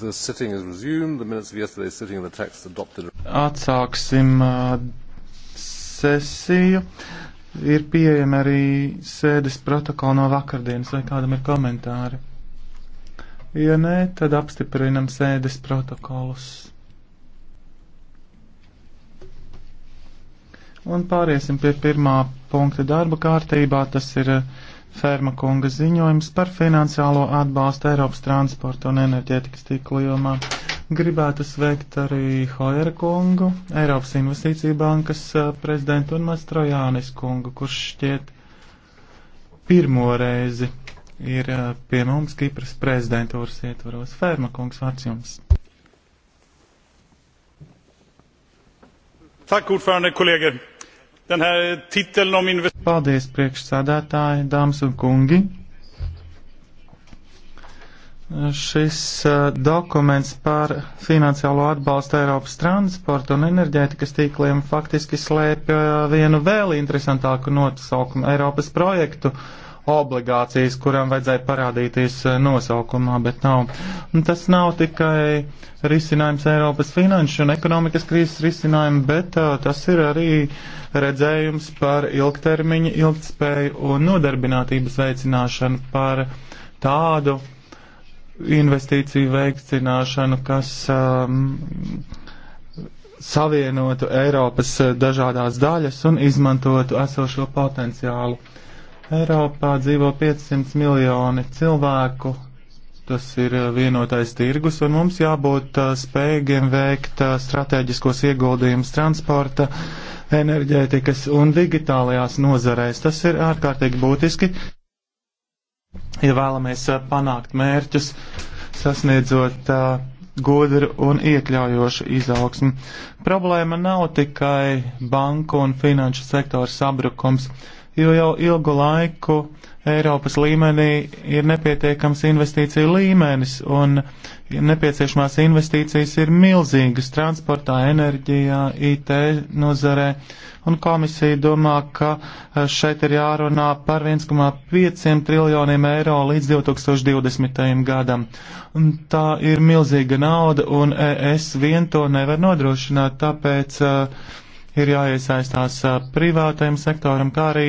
The sitting is resumed. The minutes of yesterday's sitting and the text adopted. Atsāksim uh, sesiju. Ir pieejami arī sēdes protokoli no vakardienas, vai kādam ir komentāri? Ja nē, tad apstiprinam sēdes protokolus. Un pāriesim pie pirmā punkta darba kārtībā. Tas ir uh, Ferma kunga ziņojums par finansiālo atbalstu Eiropas transporta un enerģētikas tīkla jomā. Gribētu sveikt arī Hoera kungu, Eiropas investīcija bankas eh, prezidentu un Mastrojānis kungu, kurš šķiet pirmo reizi ir eh, pie mums Kipras prezidentūras ietvaros. Ferma kungs, vārds jums. Tack ordförande, kollegor. Paldies, priekšsādātāji, dāmas un kungi. Šis uh, dokuments par finansiālo atbalstu Eiropas transporta un enerģētikas tīkliem faktiski slēpj uh, vienu vēl interesantāku notasaukumu - Eiropas projektu. Uh, obligācijas, kurām vajadzēja parādīties eh, nosaukumā, bet nav. Un tas nav tikai risinājums Eiropas finanšu un ekonomikas krīzes risinājumu, bet uh, tas ir arī redzējums par ilgtermiņa ilgtspēju un nodarbinātības veicināšanu par tādu investīciju veicināšanu, kas um, savienotu Eiropas eh, dažādās daļas un izmantotu esošo potenciālu. Eiropā dzīvo 500 miljoni cilvēku, tas ir eh, vienotais tirgus, un mums jābūt eh, spējīgiem veikt eh, strateģiskos ieguldījumus transporta, enerģētikas un digitālajās nozarēs. Tas ir ārkārtīgi būtiski, ja vēlamies panākt mērķus, sasniedzot gudru un iekļaujošu izaugsmu. Problēma nav tikai banku un finanšu sektora sabrukums jo jau ilgu laiku Eiropas līmenī ir nepietiekams investīciju līmenis, un nepieciešamās investīcijas ir milzīgas transportā, enerģijā, IT nozarē, un komisija domā, ka eh, šeit ir jārunā par 1,5 triljoniem eiro līdz 2020. gadam. Un tā ir milzīga nauda, un es vien to nevar nodrošināt, tāpēc uh, ir jāiesaistās privātajam sektoram, kā arī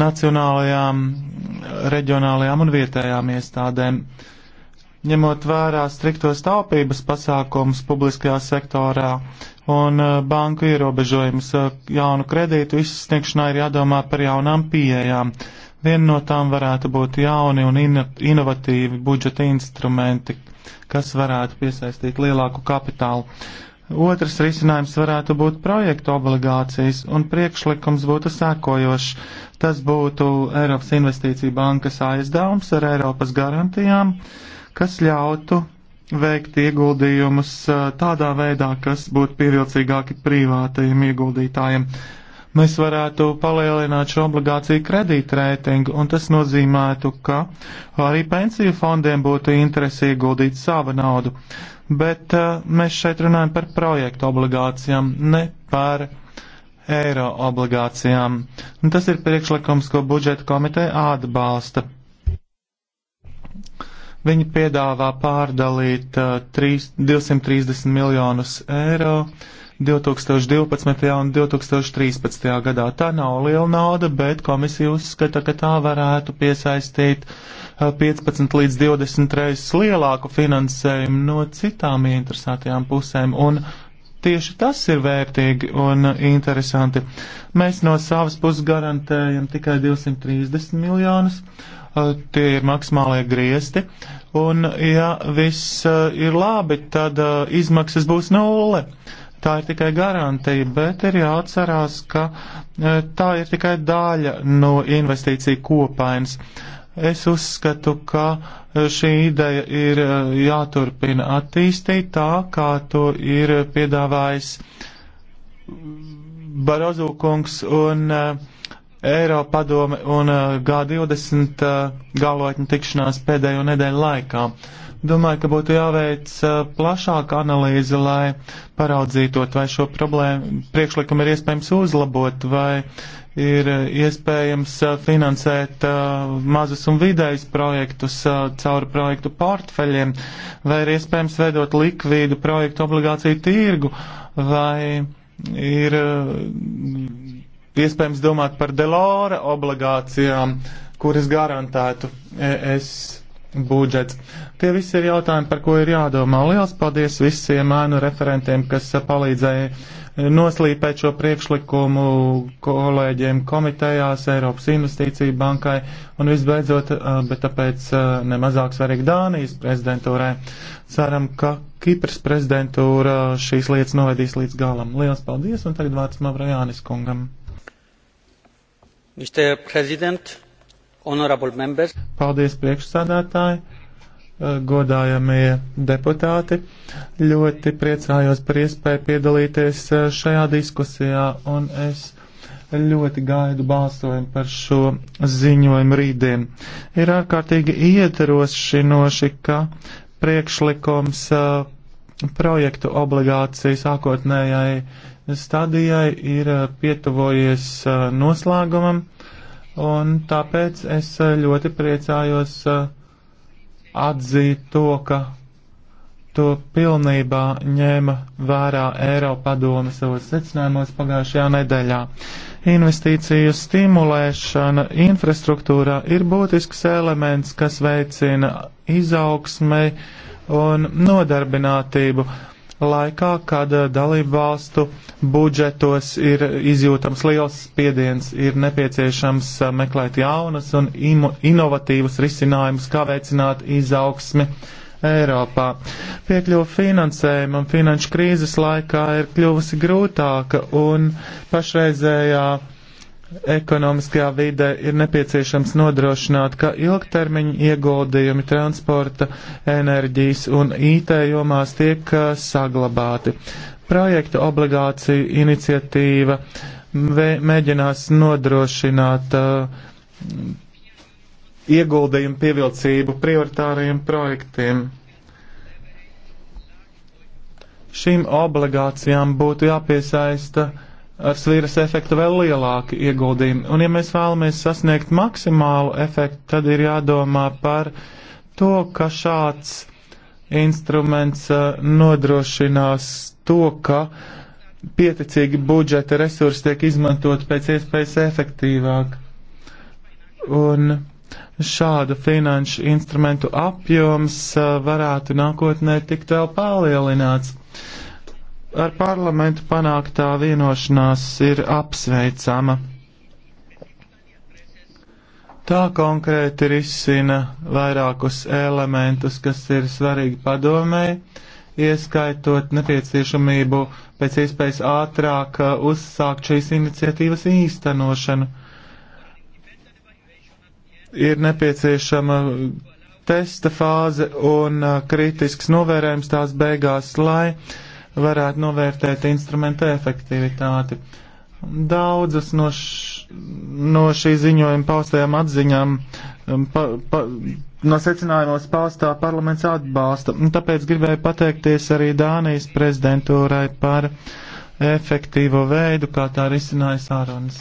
nacionālajām, reģionālajām un vietējām iestādēm. Ņemot vērā striktos taupības pasākums publiskajā sektorā un banku ierobežojumus jaunu kredītu izsniegšanā ir jādomā par jaunām pieejām. Viena no tām varētu būt jauni un inovatīvi budžeta instrumenti, kas varētu piesaistīt lielāku kapitālu. Uh, Otrs risinājums varētu būt projektu obligācijas, un priekšlikums būtu sēkojošs. Tas būtu Eiropas Investīcija bankas aizdevums ar Eiropas garantijām, kas ļautu veikt ieguldījumus tādā veidā, kas būtu pievilcīgāki privātajiem ieguldītājiem. Mēs varētu palielināt šo obligāciju kredītreitingu, un tas nozīmētu, ka arī pensiju fondiem būtu interesi ieguldīt savu naudu bet uh, mēs šeit runājam par projektu obligācijām, ne par eiro obligācijām. Un tas ir priekšlikums, ko budžeta komiteja atbalsta. Viņi piedāvā pārdalīt uh, 3, 230 miljonus eiro uh, 2012. un 2013. gadā. Tā nav liela nauda, bet komisija uzskata, ka tā varētu piesaistīt 15 uh, līdz 20 reizes lielāku finansējumu no citām interesētajām pusēm. Un tieši tas ir vērtīgi un interesanti. Mēs no savas puses garantējam tikai 230 miljonus. Uh, tie ir maksimālie griesti, un ja viss uh, ir labi, tad izmaksas būs nulle. No tā ir tikai garantija, bet ir jāatcerās, ka e, tā ir tikai daļa no investīciju kopainas. Es uzskatu, ka e, šī ideja ir e, jāturpina attīstīt tā, kā to ir piedāvājis Barozo kungs un Eiropa padome un G20 galotņu tikšanās pēdējo nedēļu laikā. Uh, Domāju, ka būtu jāveic uh, plašāka analīze, lai paraudzītot, vai šo problēmu priekšlikumu ir iespējams uzlabot, vai ir uh, iespējams uh, finansēt mazus un vidējus projektus caur projektu portfeļiem, vai ir iespējams veidot likvīdu projektu obligāciju tirgu, vai ir iespējams domāt par Delora obligācijām, kuras garantētu es budžets. Tie visi ir jautājumi, par ko ir jādomā. Liels paldies visiem ēnu referentiem, kas palīdzēja noslīpēt šo priekšlikumu kolēģiem komitejās, Eiropas investīciju bankai un visbeidzot, bet tāpēc nemazāk svarīgi Dānijas prezidentūrai. Ceram, ka Kipras prezidentūra šīs lietas novedīs līdz galam. Liels paldies un tagad vārds Mavrajānis kungam. Mr. President, Paldies, priekšsādātāji, eh, godājamie deputāti. Ļoti priecājos par iespēju piedalīties eh, šajā diskusijā, un es ļoti gaidu balsojumu par šo ziņojumu rītdien. Ir ārkārtīgi iedrošinoši, ka priekšlikums eh, projektu obligāciju sākotnējai stadijai ir pietuvojies noslēgumam Un tāpēc es eh, ļoti priecājos eh, atzīt to, ka to pilnībā ņēma vērā Eiropadome savos secinājumos pagājušajā nedēļā. Investīciju stimulēšana infrastruktūrā ir būtisks elements, kas veicina izaugsmei un nodarbinātību laikā, kad eh, dalību valstu budžetos ir izjūtams liels spiediens, ir nepieciešams eh, meklēt jaunas un inovatīvas risinājumus, kā veicināt izaugsmi. Eiropā. Piekļuva finansējumam finanšu krīzes laikā ir kļuvusi grūtāka un pašreizējā uh, ekonomiskajā vidē ir nepieciešams nodrošināt, ka ilgtermiņa ieguldījumi transporta, enerģijas un IT jomās tiek eh, saglabāti. Projekta obligācija iniciatīva mēģinās nodrošināt uh, ieguldījumu pievilcību prioritāriem projektiem. Šīm obligācijām būtu jāpiesaista uh, ar svīras efektu vēl lielāki ieguldījumi. Un ja mēs vēlamies sasniegt maksimālu efektu, tad ir jādomā par to, ka šāds instruments uh, nodrošinās to, ka pieticīgi budžeta resursi tiek izmantot pēc iespējas efektīvāk. Un šādu finanšu instrumentu apjoms uh, varētu nākotnē tikt vēl palielināts ar parlamentu panāktā vienošanās ir apsveicama. Tā konkrēti risina vairākus elementus, kas ir svarīgi padomēji, ieskaitot nepieciešamību pēc iespējas ātrāk uh, uzsākt šīs iniciatīvas īstenošanu. Ir nepieciešama testa fāze un uh, kritisks novērējums tās beigās, lai uh, varētu novērtēt instrumenta efektivitāti. Daudzas no, š, no šī ziņojuma paustajām atziņām um, pa, pa, no secinājumos paustā parlaments atbalsta. Tāpēc gribēju pateikties arī Dānijas prezidentūrai par efektīvo veidu, kā tā risināja sārunas.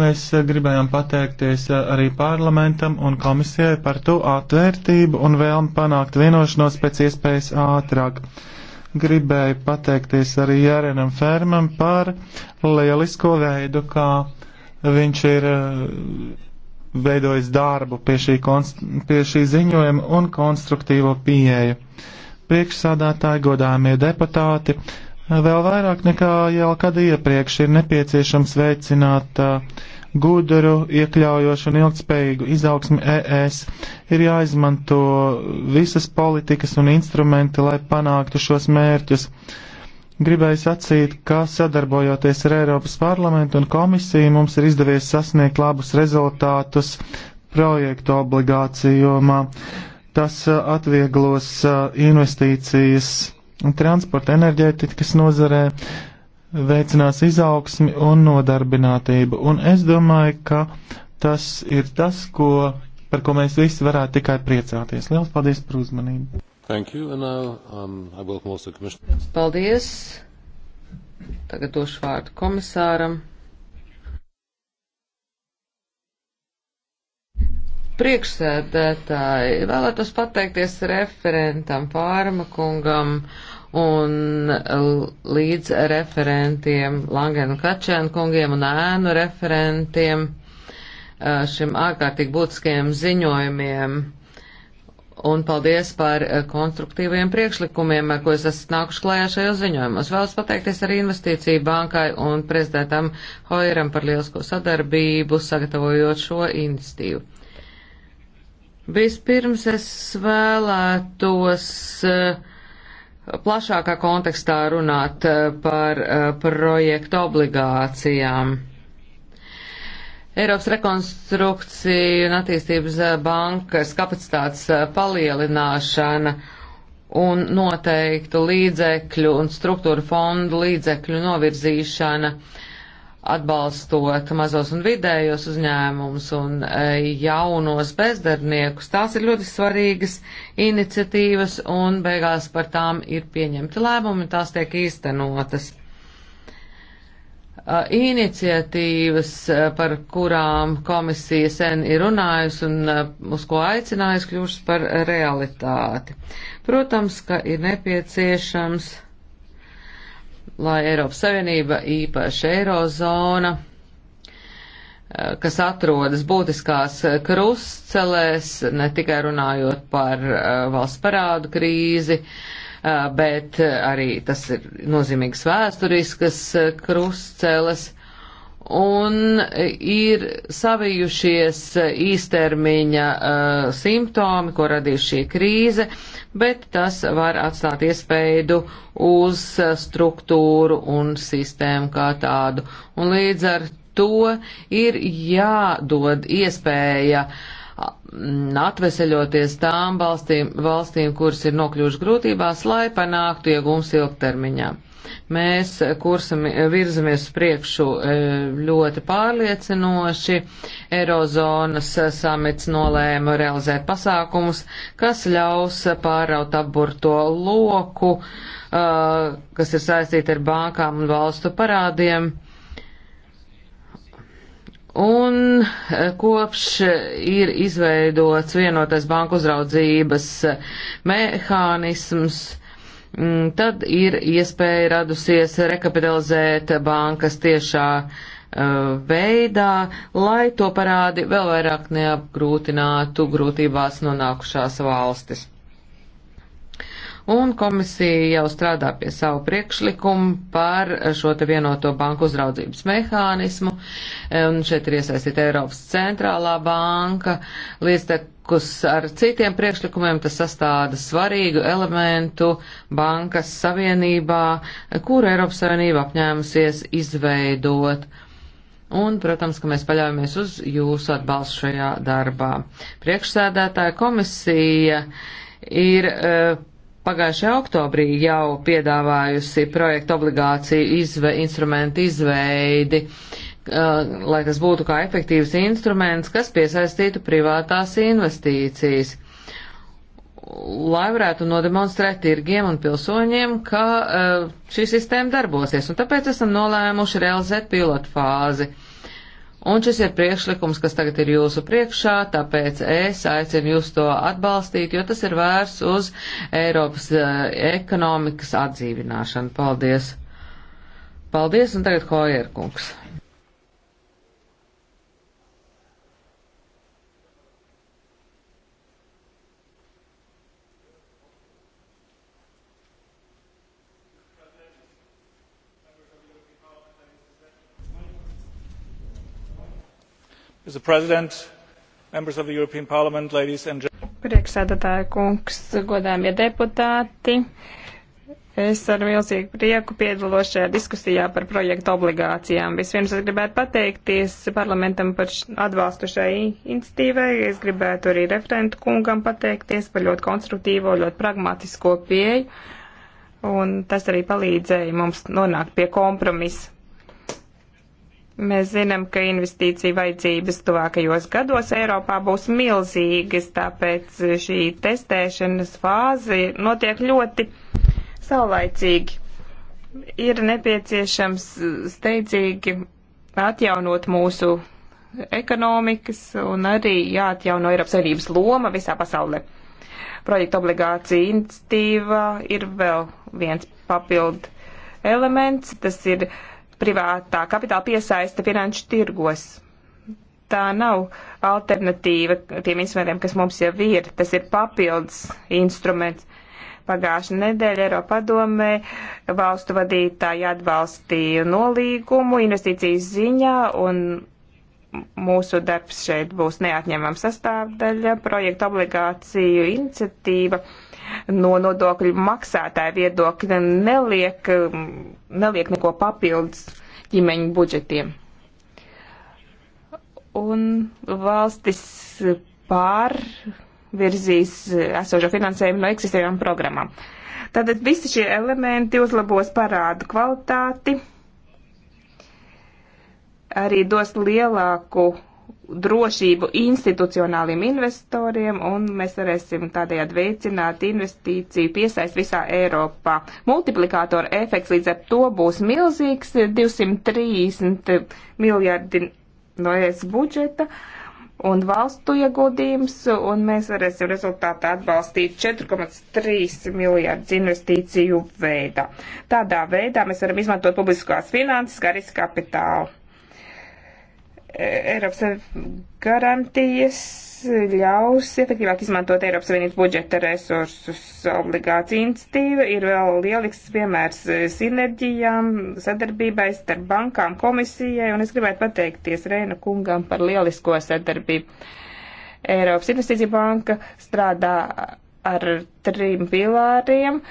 Mēs eh, gribējām pateikties eh, arī parlamentam un komisijai par to atvērtību un vēlmi panākt vienošanos pēc iespējas ātrāk. Gribēju pateikties arī Jērenam Fermam par lielisko veidu, kā viņš ir eh, veidojis darbu pie šī, pie šī ziņojuma un konstruktīvo pieeju. Priekšsādātāji, godāmie deputāti, uh, Vēl vairāk nekā jau kad iepriekš ir nepieciešams veicināt uh, gudru, iekļaujošu un ilgspējīgu izaugsmi ES. Ir jāizmanto visas politikas un instrumenti, lai panāktu šos mērķus. Gribēju sacīt, ka sadarbojoties ar Eiropas parlamentu un komisiju mums ir izdevies sasniegt labus rezultātus projektu obligāciju jomā. Tas atvieglos investīcijas Transporta enerģētikas nozarē veicinās izaugsmi un nodarbinātību, un es domāju, ka tas ir tas, ko, par ko mēs visi varētu tikai priecāties. Lielas paldies par uzmanību! Thank you, and now um, I welcome also Commissioner. Paldies! Tagad došu vārdu komisāram. priekšsēdētāji, vēlētos pateikties referentam Pārma kungam un līdz referentiem Langenu Kačēnu kungiem un ēnu referentiem šim ārkārtīgi būtiskajiem ziņojumiem. Un paldies par konstruktīviem priekšlikumiem, ar ko es esmu nākuši klājā šajos ziņojumos. Vēlos pateikties arī Investīciju bankai un prezidentam Hoiram par lielisko sadarbību, sagatavojot šo iniciatīvu. Vispirms es vēlētos eh, plašākā kontekstā runāt eh, par eh, projektu obligācijām. Eiropas rekonstrukcija un attīstības bankas kapacitātes palielināšana un noteiktu līdzekļu un struktūra fondu līdzekļu novirzīšana uh, atbalstot mazos un vidējos uzņēmumus un eh, jaunos bezdarbniekus. Tās ir ļoti svarīgas iniciatīvas un beigās par tām ir pieņemti lēmumi un tās tiek īstenotas. Eh, iniciatīvas, eh, par kurām komisija sen ir runājusi un uz ko aicinājusi, kļūst par realitāti. Protams, ka ir nepieciešams lai Eiropas Savienība, īpaši Eirozona, eh, kas atrodas būtiskās krustcelēs, ne tikai runājot par eh, valsts parādu krīzi, eh, bet arī tas ir nozīmīgs vēsturiskas krustceles un ir savijušies īstermiņa uh, simptomi, ko radīs šī krīze, bet tas var atstāt iespēju uz struktūru un sistēmu kā tādu. Un līdz ar to ir jādod iespēja mm, atveseļoties tām valstīm, valstīm kuras ir nokļuvušas grūtībās, lai panāktu iegums ilgtermiņā. Mēs kursam virzamies priekšu e, ļoti pārliecinoši. Eirozonas samits nolēma realizēt pasākumus, kas ļaus pāraut apburto loku, e, kas ir saistīti ar bankām un valstu parādiem. Un e, kopš ir izveidots vienotais banku uzraudzības mehānisms, uh, Mm, tad ir iespēja radusies rekapitalizēt bankas tiešā uh, veidā, lai to parādi vēl vairāk neapgrūtinātu grūtībās nonākušās valstis un komisija jau strādā pie savu priekšlikumu par šo te vienoto banku uzraudzības mehānismu. Un šeit ir iesaistīta Eiropas centrālā banka, līdztekus ar citiem priekšlikumiem tas sastāda svarīgu elementu bankas savienībā, kuru Eiropas Savienība apņēmusies izveidot. Un, protams, ka mēs paļaujamies uz jūsu atbalstu šajā darbā. Priekšsēdētāja komisija ir uh, pagājušajā oktobrī jau piedāvājusi projektu obligāciju izve, instrumentu izveidi, uh, lai tas būtu kā efektīvs instruments, kas piesaistītu privātās investīcijas, lai varētu nodemonstrēt tirgiem un pilsoņiem, ka uh, šī sistēma darbosies, un tāpēc esam nolēmuši realizēt pilotu fāzi. Uh, Un šis ir priekšlikums, kas tagad ir jūsu priekšā, tāpēc es aicinu jūs to atbalstīt, jo tas ir vērs uz Eiropas eh, ekonomikas atdzīvināšanu. Paldies! Paldies, un tagad Hojerkungs. mr president members of the european parliament ladies and gentlemen priekšsēdētāja kungs godājamie deputāti es ar milzīgu prieku piedalos šajā diskusijā par projektu obligācijām vispirms es gribētu pateikties parlamentam par atbalstu šai iniciatīvai es gribētu arī referentu kungam pateikties par ļoti konstruktīvo ļoti pragmatisko pieeju un tas arī palīdzēja mums nonākt pie kompromisa Mēs zinām, ka investīcija vajadzības tuvākajos gados Eiropā būs milzīgas, tāpēc šī testēšanas fāze notiek ļoti saulaicīgi. Ir nepieciešams steidzīgi atjaunot mūsu ekonomikas un arī jāatjauno Eiropas Savienības loma visā pasaulē. Projekta obligācija institīva ir vēl viens papildu elements, tas ir uh, privātā kapitāla piesaista finanšu tirgos. Tā nav alternatīva tiem instrumentiem, kas mums jau ir. Tas ir papildus instruments. Pagājušā nedēļa Eiropa padomē valstu vadītāji atbalstīja nolīgumu investīcijas ziņā un mūsu darbs šeit būs neatņemama sastāvdaļa. Projekta obligāciju iniciatīva no nodokļu maksātāja viedokļa neliek, neliek neko papildus ģimeņu budžetiem. Un valstis pārvirzīs esošo finansējumu no eksistējām programmām. Tātad visi šie elementi uzlabos parādu kvalitāti arī dos lielāku drošību institucionāliem investoriem, un mēs varēsim tādējādi veicināt investīciju piesaist visā Eiropā. Multiplikātora efekts līdz ar to būs milzīgs - 230 miljardi no ES budžeta un valstu ieguldījums, un mēs varēsim rezultātā atbalstīt 4,3 miljārdus investīciju veidā. Tādā veidā mēs varam izmantot publiskās finanses, kā arī kapitālu. Eiropas garantijas ļaus efektīvāk izmantot Eiropas Savienības budžeta resursus. Obligācija institīva ir vēl lielisks piemērs sinerģijām, sadarbībai starp bankām, komisijai, un es gribētu pateikties Reina kungam par lielisko sadarbību. Eiropas Investīcija banka strādā ar trim pilāriem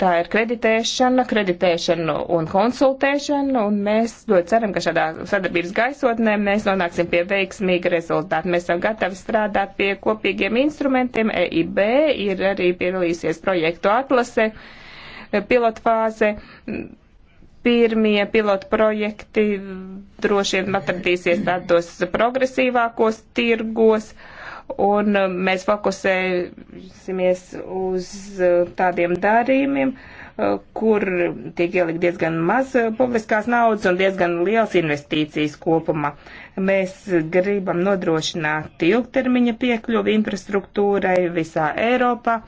Tā ir kreditēšana, kreditēšana un konsultēšana, un mēs ļoti ceram, ka šādā sadarbības gaisotnē mēs nonāksim pie veiksmīga rezultāta. Mēs esam gatavi strādāt pie kopīgiem instrumentiem. EIB ir arī piedalīsies projektu atlase, pilotfāze. Pirmie pilotu projekti droši vien atradīsies tādos progresīvākos tirgos. Uh, un uh, mēs fokusēsimies uz uh, tādiem darījumiem, uh, kur tiek ielikt diezgan maz publiskās naudas un diezgan liels investīcijas kopumā. Mēs gribam nodrošināt ilgtermiņa piekļuvi infrastruktūrai visā Eiropā,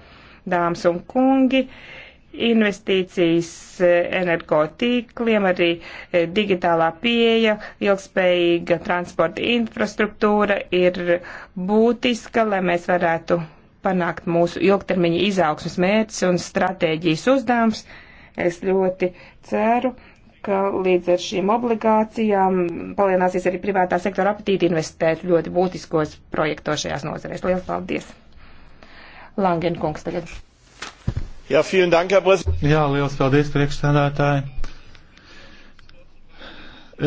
dāmas un kungi. Uh, investīcijas e, energotīkliem, arī e, digitālā pieeja, ilgspējīga transporta infrastruktūra ir būtiska, lai mēs varētu panākt mūsu ilgtermiņa izaugsmas mērķis un stratēģijas uzdevums. Es ļoti ceru, ka līdz ar šīm obligācijām palielināsies arī privātā sektora apetīti investēt ļoti būtiskos projektos šajās nozarēs. Lielas paldies! Langenkungs tagad. Jā, dank, Jā liels paldies, priekšstādātāji.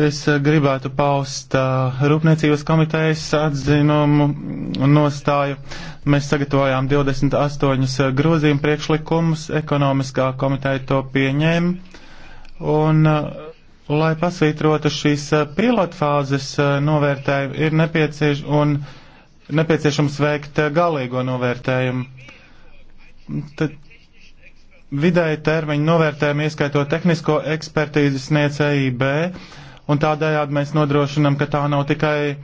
Es eh, gribētu paust uh, Rūpniecības komitejas atzinumu un nostāju. Mēs sagatavojām 28 eh, grozījumu priekšlikumus, ekonomiskā komiteja to pieņēma. Un, uh, lai pasvītrotu šīs uh, pilotfāzes uh, novērtējumu, ir nepiecieš un, nepieciešams veikt uh, galīgo novērtējumu. Tad vidēji termiņu novērtējumu, ieskaitot tehnisko ekspertīzi sniedz EIB, un tādējādi mēs nodrošinam, ka tā nav tikai e,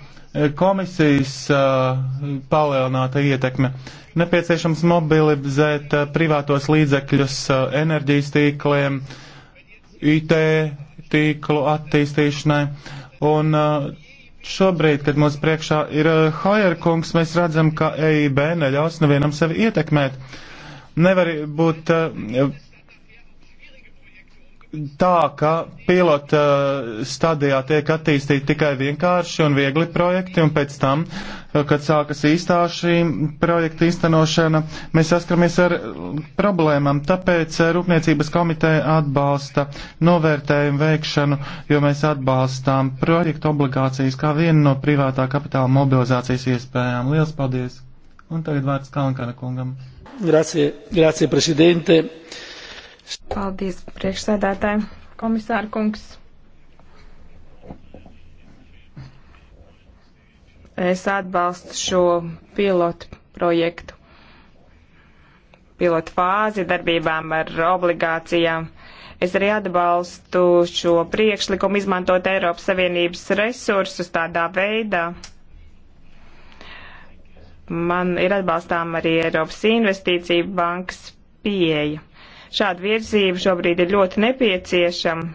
komisijas uh, palielināta ietekme. Nepieciešams mobilizēt uh, privātos līdzekļus uh, enerģijas tīkliem, IT tīklu attīstīšanai, un šobrīd, kad mūsu priekšā ir Hojerkungs, mēs redzam, ka EIB neļaus nevienam sevi ietekmēt Nevar būt eh, tā, ka pilota eh, stadijā tiek attīstīti tikai vienkārši un viegli projekti, un pēc tam, eh, kad sākas īstā šī projekta īstenošana, mēs saskaramies ar problēmām. Tāpēc Rūpniecības komiteja atbalsta novērtējumu veikšanu, jo mēs atbalstām projektu obligācijas kā vienu no privātā kapitāla mobilizācijas iespējām. Lielas paldies! Un tagad vārds Kalnkana kungam. Grazie, grazie, prezidente. Paldies, priekšsēdētāji, komisāra kungs. Es atbalstu šo pilotu projektu, pilotu fāzi darbībām ar obligācijām. Es arī atbalstu šo priekšlikumu izmantot Eiropas Savienības resursus tādā veidā, man ir atbalstām arī Eiropas investīcija bankas pieeja. Šāda virzība šobrīd ir ļoti nepieciešama.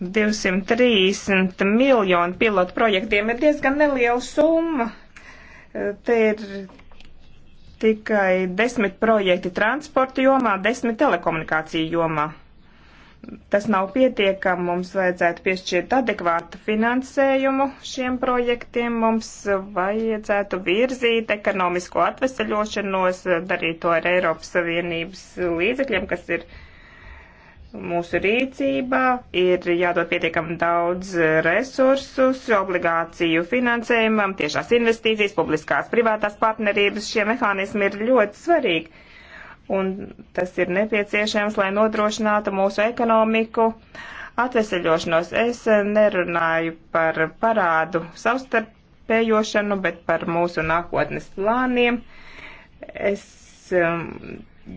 230 miljonu pilotu projektiem ir diezgan neliela summa. Te ir tikai desmit projekti transporta jomā, desmit telekomunikāciju jomā tas nav pietiekami. Mums vajadzētu piešķirt adekvātu finansējumu šiem projektiem. Mums vajadzētu virzīt ekonomisko atveseļošanos, darīt to ar Eiropas Savienības līdzekļiem, kas ir mūsu rīcībā, ir jādod pietiekami daudz resursus, obligāciju finansējumam, tiešās investīcijas, publiskās privātās partnerības. Šie mehānismi ir ļoti svarīgi un tas ir nepieciešams, lai nodrošinātu mūsu ekonomiku atveseļošanos. Es nerunāju par parādu savstarpējošanu, bet par mūsu nākotnes plāniem. Es um,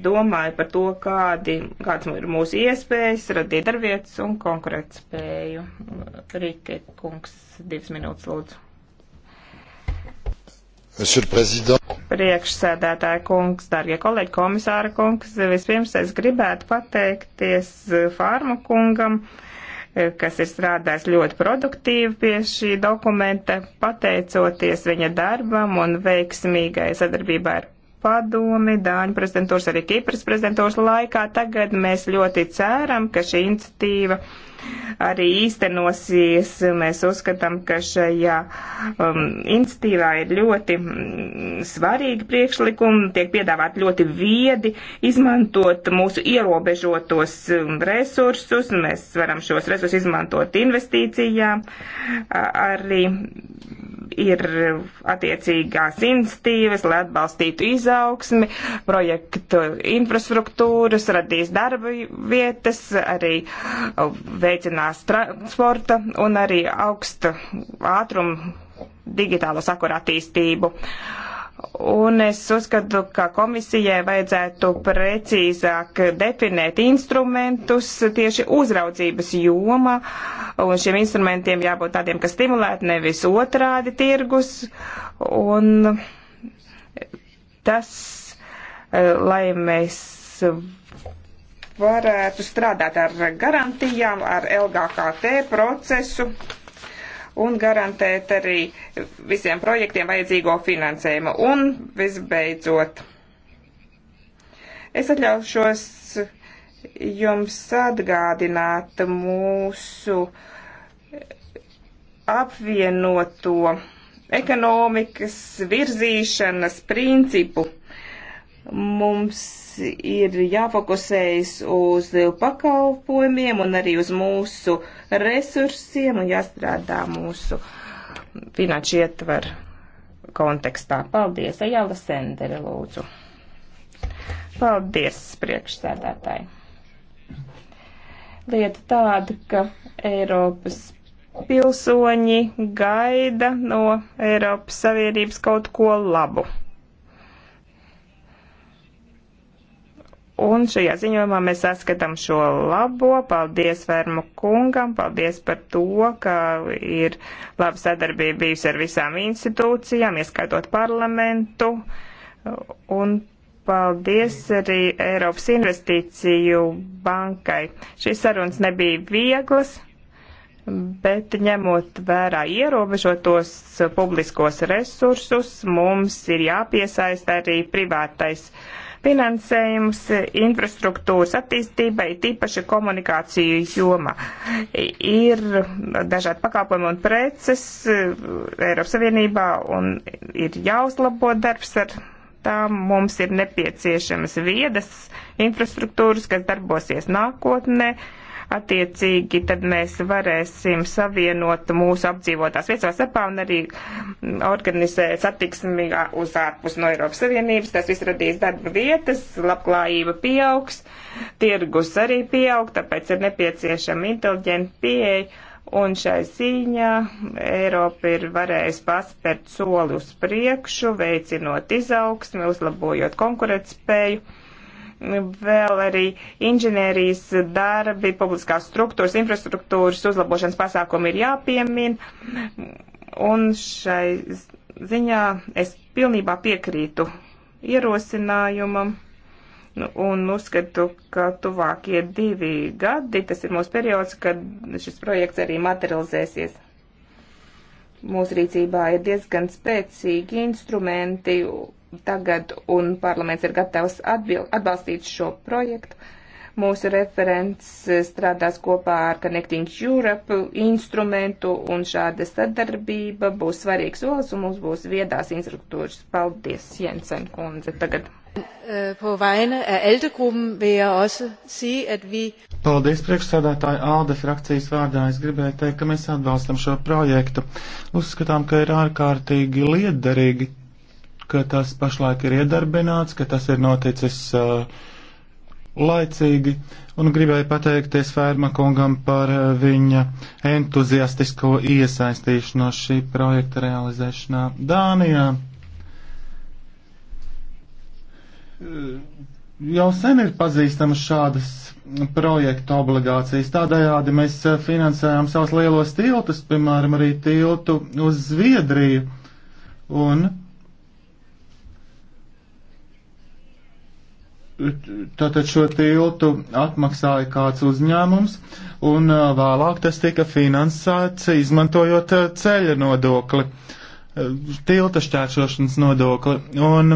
domāju par to, kādi, kāds ir mūsu iespējas radīt darbvietas un konkurētspēju. Rīke kungs, divas minūtes lūdzu. Priekšsēdētāja kungs, dārgie kolēģi, komisāra kungs, vispirms es gribētu pateikties Fārma kungam, kas ir strādājis ļoti produktīvi pie šī dokumenta, pateicoties viņa darbam un veiksmīgai sadarbībā ar padomi, Dāņu prezidentūras, arī Kipras prezidentūras laikā. Tagad mēs ļoti ceram, ka šī iniciatīva arī īstenosies. Mēs uzskatām, ka šajā um, institīvā ir ļoti mm, svarīgi priekšlikumi, tiek piedāvāt ļoti viedi izmantot mūsu ierobežotos um, resursus. Mēs varam šos resursus izmantot investīcijām, arī ir attiecīgās institīvas, lai atbalstītu izaugsmi, projektu infrastruktūras, radīs darba vietas, arī veicinās transporta un arī augsta ātrumu digitālo sakuru attīstību. Uh, Un es uzskatu, ka komisijai vajadzētu precīzāk definēt instrumentus tieši uzraudzības joma, un šiem instrumentiem jābūt tādiem, kas stimulētu nevis otrādi tirgus, un tas, lai mēs varētu strādāt ar garantijām, ar LGKT procesu un garantēt arī visiem projektiem vajadzīgo finansējumu. Un visbeidzot, es atļaušos jums atgādināt mūsu apvienoto ekonomikas virzīšanas principu. Mums ir jāfokusējas uz pakalpojumiem un arī uz mūsu resursiem un jāstrādā mūsu finanšu ietvaru kontekstā. Paldies, Ejala Sendere, lūdzu. Paldies, priekšsēdētāji. Lieta tāda, ka Eiropas pilsoņi gaida no Eiropas Savienības kaut ko labu Un šajā ziņojumā mēs saskatām šo labo. Paldies Vermu kungam, paldies par to, ka ir laba sadarbība bijusi ar visām institūcijām, ieskaitot parlamentu. Un paldies arī Eiropas investīciju bankai. Šīs sarunas nebija vieglas, bet ņemot vērā ierobežotos publiskos resursus, mums ir jāpiesaista arī privātais. Uh, finansējums infrastruktūras attīstībai, tīpaši komunikāciju jomā. Ir dažādi pakalpojumi un preces eh, Eiropas Savienībā un ir jāuzlabo darbs ar tām. Mums ir nepieciešamas viedas infrastruktūras, kas darbosies nākotnē. Uh, Attiecīgi tad mēs varēsim savienot mūsu apdzīvotās vietas starpā un arī mm, organizēt satiksmi uz ārpus no Eiropas Savienības. Tas viss radīs darba vietas, labklājība pieaugs, tirgus arī pieaug, tāpēc ir nepieciešama inteliģenta pieeja. Un šai ziņā Eiropa ir varējusi paspērt soli uz priekšu, veicinot izaugsmi, uzlabojot konkurētspēju vēl arī inženērijas darbi, publiskās struktūras, infrastruktūras uzlabošanas pasākumi ir jāpiemin. Un šai ziņā es pilnībā piekrītu ierosinājumam nu, un uzskatu, ka tuvākie divi gadi, tas ir mūsu periods, kad šis projekts arī materializēsies. Mūsu rīcībā ir diezgan spēcīgi instrumenti tagad, un parlaments ir gatavs atbil, atbalstīt šo projektu. Mūsu referents eh, strādās kopā ar Connecting Europe instrumentu, un šāda sadarbība būs svarīgs solis, un mums būs viedās instruktūras. Paldies, Jensen kundze, tagad. Eh, på vegne af Aldegruppen vil jeg også sige, at vi... Paldies priekšsādātāji Alde frakcijas vārdā. Es gribēju teikt, ka mēs atbalstam šo projektu. Uzskatām, ka ir ārkārtīgi liederīgi ka tas pašlaik ir iedarbināts, ka tas ir noticis uh, laicīgi, un gribēju pateikties Fērma kungam par uh, viņa entuziastisko iesaistīšanos šī projekta realizēšanā Dānijā. Uh, jau sen ir pazīstamas šādas projektu obligācijas. Tādējādi mēs uh, finansējām savus lielos tiltus, piemēram, arī tiltu uz Zviedriju. Un Tātad šo tiltu atmaksāja kāds uzņēmums, un uh, vēlāk tas tika finansēts, izmantojot uh, ceļa nodokli, uh, tilta šķēršošanas nodokli. Un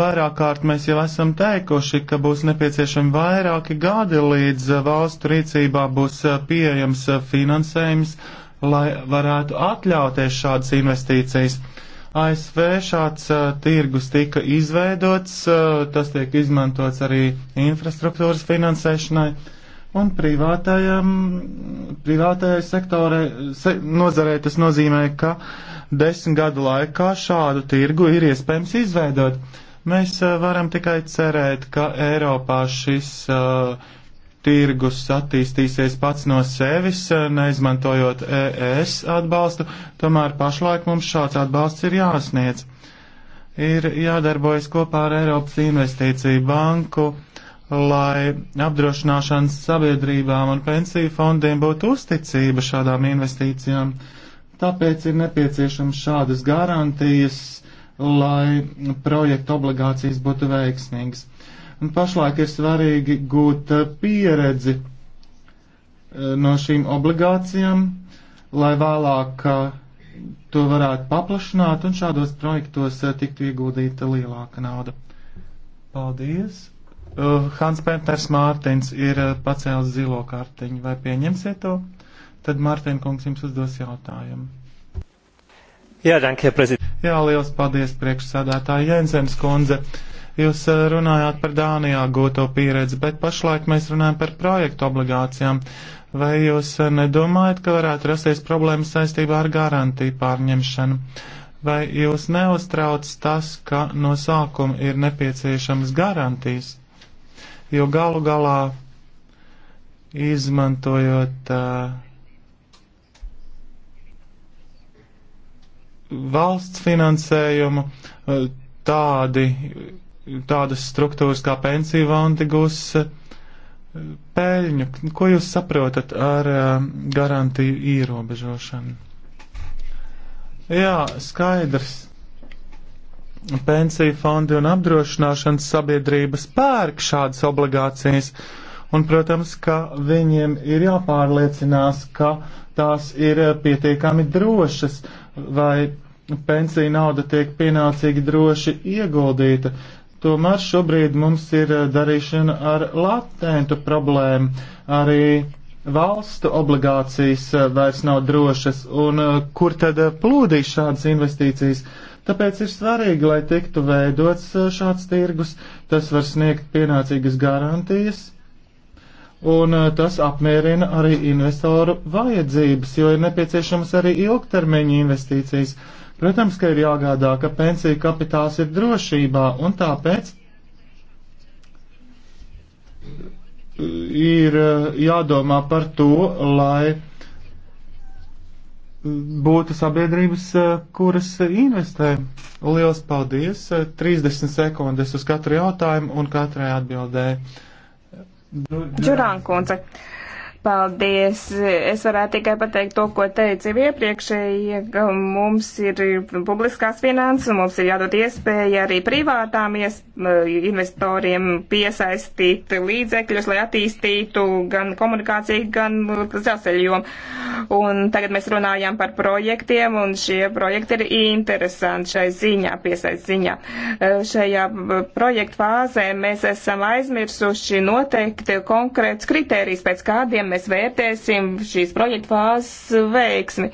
vairāk kārt mēs jau esam teikuši, ka būs nepieciešami vairāki gadi, līdz valstu rīcībā būs pieejams finansējums, lai varētu atļauties šādas investīcijas. ASV šāds uh, tirgus tika izveidots, uh, tas tiek izmantots arī infrastruktūras finansēšanai un privātajam, privātajai sektorai, se, nozarei tas nozīmē, ka desmit gadu laikā šādu tirgu ir iespējams izveidot. Mēs uh, varam tikai cerēt, ka Eiropā šis uh, tirgus attīstīsies pats no sevis, eh, neizmantojot ES atbalstu, tomēr pašlaik mums šāds atbalsts ir jāsniedz. Ir jādarbojas kopā ar Eiropas investīciju banku, lai apdrošināšanas sabiedrībām un pensiju fondiem būtu uzticība šādām investīcijām. Tāpēc ir nepieciešams šādas garantijas, lai projektu obligācijas būtu veiksmīgas Pašlaik ir svarīgi gūt eh, pieredzi eh, no šīm obligācijām, lai vēlāk eh, to varētu paplašināt un šādos projektos tiktu ieguldīta lielāka nauda. Paldies! Hans Pēters Mārtiņš ir pacēlis zilo kartiņu. Vai pieņemsiet to? Tad Mārtiņa kungs jums uzdos jautājumu. Jā, dankie, prezident. Jā, liels paldies priekšsādātāji Jensens kundze. Uh, Jūs eh, runājāt par Dānijā goto pieredzi, bet pašlaik mēs runājam par projektu obligācijām. Vai jūs eh, nedomājat, ka varētu rasties problēmas saistībā ar garantiju pārņemšanu? Vai jūs neuztrauc tas, ka no sākuma ir nepieciešamas garantijas? Jo galu galā izmantojot uh, valsts finansējumu, tādi tādas struktūras kā pensiju fondi gūs eh, pēļņu. Ko jūs saprotat ar eh, garantiju ierobežošanu? Jā, skaidrs. Pensiju fondi un apdrošināšanas sabiedrības pērk šādas obligācijas, un, protams, ka viņiem ir jāpārliecinās, ka tās ir eh, pietiekami drošas, vai pensija nauda tiek pienācīgi droši ieguldīta, Tomēr šobrīd mums ir eh, darīšana ar latentu problēmu. Arī valstu obligācijas eh, vairs nav drošas, un eh, kur tad plūdīs šādas investīcijas? Tāpēc ir svarīgi, lai tiktu veidots šāds tirgus, tas var sniegt pienācīgas garantijas, un tas apmierina arī investoru vajadzības, jo ir nepieciešamas arī ilgtermiņa investīcijas. Protams, ka ir jāgādā, ka pensiju kapitāls ir drošībā, un tāpēc ir eh, jādomā par to, lai eh, būtu sabiedrības, eh, kuras investē. Lielas paldies! 30 sekundes uz katru jautājumu un katrai atbildē. Nu, Džurānkundze. Džurānkundze. Paldies! Es varētu tikai pateikt to, ko teicu jau iepriekšēji, ka mums ir publiskās finanses, mums ir jādod iespēja arī privātām investoriem piesaistīt līdzekļus, lai attīstītu gan komunikāciju, gan dzelzceļu. Un tagad mēs runājām par projektiem, un šie projekti ir interesanti šai ziņā, piesaist ziņā. Šajā projektu fāzē mēs esam aizmirsuši noteikti konkrēts kriterijs, pēc kādiem mēs vērtēsim šīs projekta fāzes veiksmi.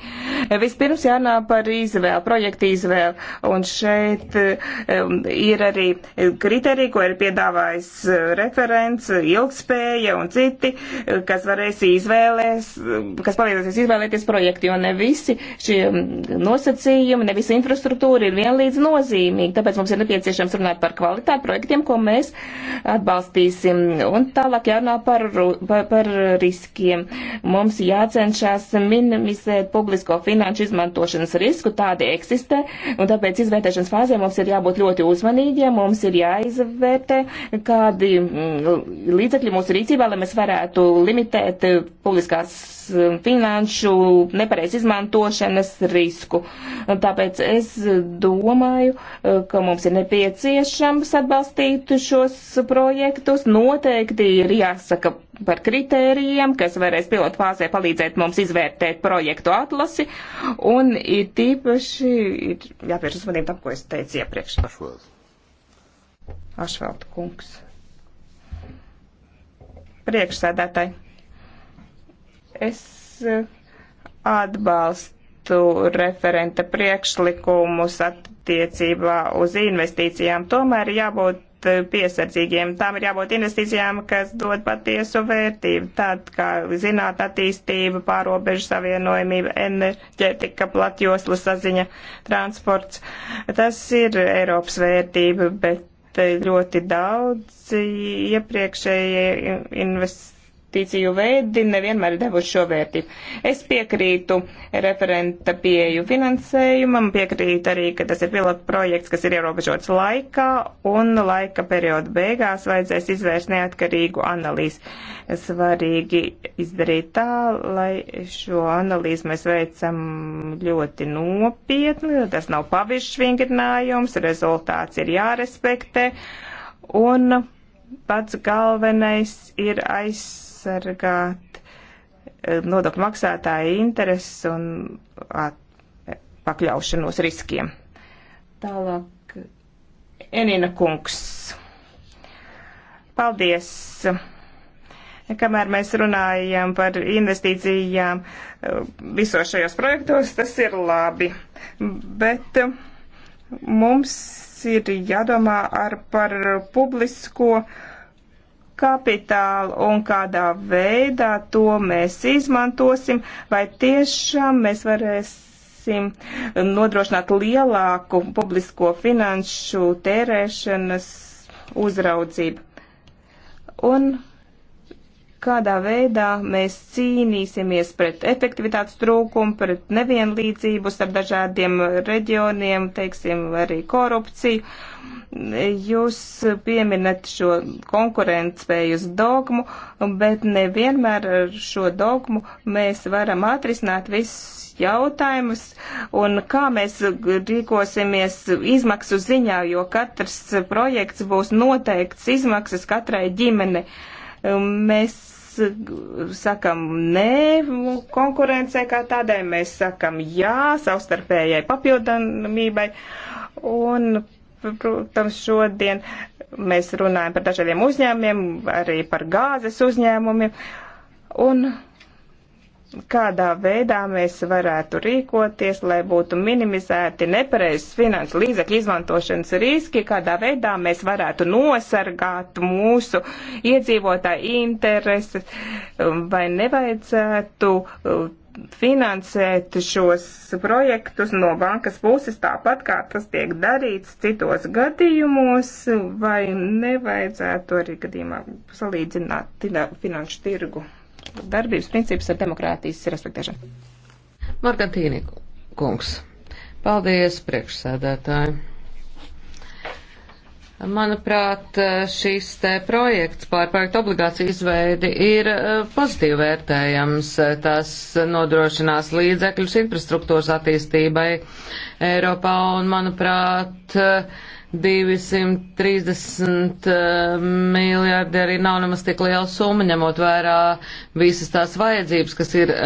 Vispirms jārunā par izvēlu, projektu izvēlu. Un šeit um, ir arī kriteriji, ko ir piedāvājis uh, referents, ilgspēja un citi, uh, kas varēs izvēlēs, um, kas palīdzēs izvēlēties projektu, jo ne visi šie um, nosacījumi, ne visa infrastruktūra ir vienlīdz nozīmīga. Tāpēc mums ir nepieciešams runāt par kvalitāti projektiem, ko mēs atbalstīsim. Un tālāk jārunā par, par, par risinājumu riskiem. Mums jācenšas minimizēt publisko finanšu izmantošanas risku, tādi eksistē, un tāpēc izvērtēšanas fāzē mums ir jābūt ļoti uzmanīgiem, mums ir jāizvērtē, kādi mm, līdzekļi mūsu rīcībā, lai mēs varētu limitēt eh, publiskās eh, finanšu nepareiz izmantošanas risku. Tāpēc es domāju, eh, ka mums ir nepieciešams atbalstīt šos projektus. Noteikti ir jāsaka par kritērijiem, kas varēs pilotu fāzē palīdzēt mums izvērtēt projektu atlasi, un ir tīpaši ir jāpievērš uzmanību tam, ko es teicu iepriekš. Ašvelt kungs. Priekšsēdētāji, es eh, atbalstu referenta priekšlikumus attiecībā uz investīcijām. Tomēr jābūt būt eh, piesardzīgiem. Tām ir jābūt investīcijām, kas dod patiesu vērtību, tād kā zināt attīstība, pārobežu savienojumība, enerģetika, platjosla saziņa, transports. Tas ir Eiropas vērtība, bet eh, ļoti daudz iepriekšējie investīcijas investīciju veidi nevienmēr devuši šo vērtību. Es piekrītu referenta pieju finansējumam, piekrītu arī, ka tas ir pilotu projekts, kas ir ierobežots laikā, un laika perioda beigās vajadzēs izvērst neatkarīgu analīzi. Svarīgi izdarīt tā, lai šo analīzi mēs veicam ļoti nopietni, tas nav pavišķi vingrinājums, rezultāts ir jārespektē. Un pats galvenais ir aiz aizsargāt eh, nodokļu maksātāju intereses un pakļaušanos riskiem. Tālāk, Enina kungs. Paldies! kamēr mēs runājam par investīcijām eh, visos šajos projektos, tas ir labi. Bet eh, mums ir jādomā ar par publisko kapitālu un kādā veidā to mēs izmantosim, vai tiešām mēs varēsim nodrošināt lielāku publisko finanšu tērēšanas uzraudzību. Un kādā veidā mēs cīnīsimies pret efektivitātes trūkumu, pret nevienlīdzību starp dažādiem reģioniem, teiksim, arī korupciju. Jūs pieminat šo konkurentspējas dogmu, bet nevienmēr ar šo dogmu mēs varam atrisināt visus jautājumus un kā mēs rīkosimies izmaksu ziņā, jo katrs projekts būs noteikts izmaksas katrai ģimene. Mēs sakam nē konkurencē kā tādai, mēs sakam jā savstarpējai papildinamībai. Un, protams, šodien mēs runājam par dažādiem uzņēmumiem, arī par gāzes uzņēmumiem. Un kādā veidā mēs varētu rīkoties, lai būtu minimizēti nepareizes finanses līdzekļu izmantošanas riski, kādā veidā mēs varētu nosargāt mūsu iedzīvotāju interesi, um, vai nevajadzētu uh, finansēt šos projektus no bankas puses tāpat, kā tas tiek darīts citos gadījumos, vai nevajadzētu arī gadījumā salīdzināt finanšu tirgu darbības princips ar demokrātijas respektēšanu. Margantīni kungs. Paldies, priekšsēdētāji. Manuprāt, šis te projekts pār projektu obligāciju izveidi ir e, pozitīvi vērtējams. Tas nodrošinās līdzekļus infrastruktūras attīstībai Eiropā un, manuprāt, uh, 230 eh, miljardi arī nav nemaz tik liela summa, ņemot vērā visas tās vajadzības, kas ir eh,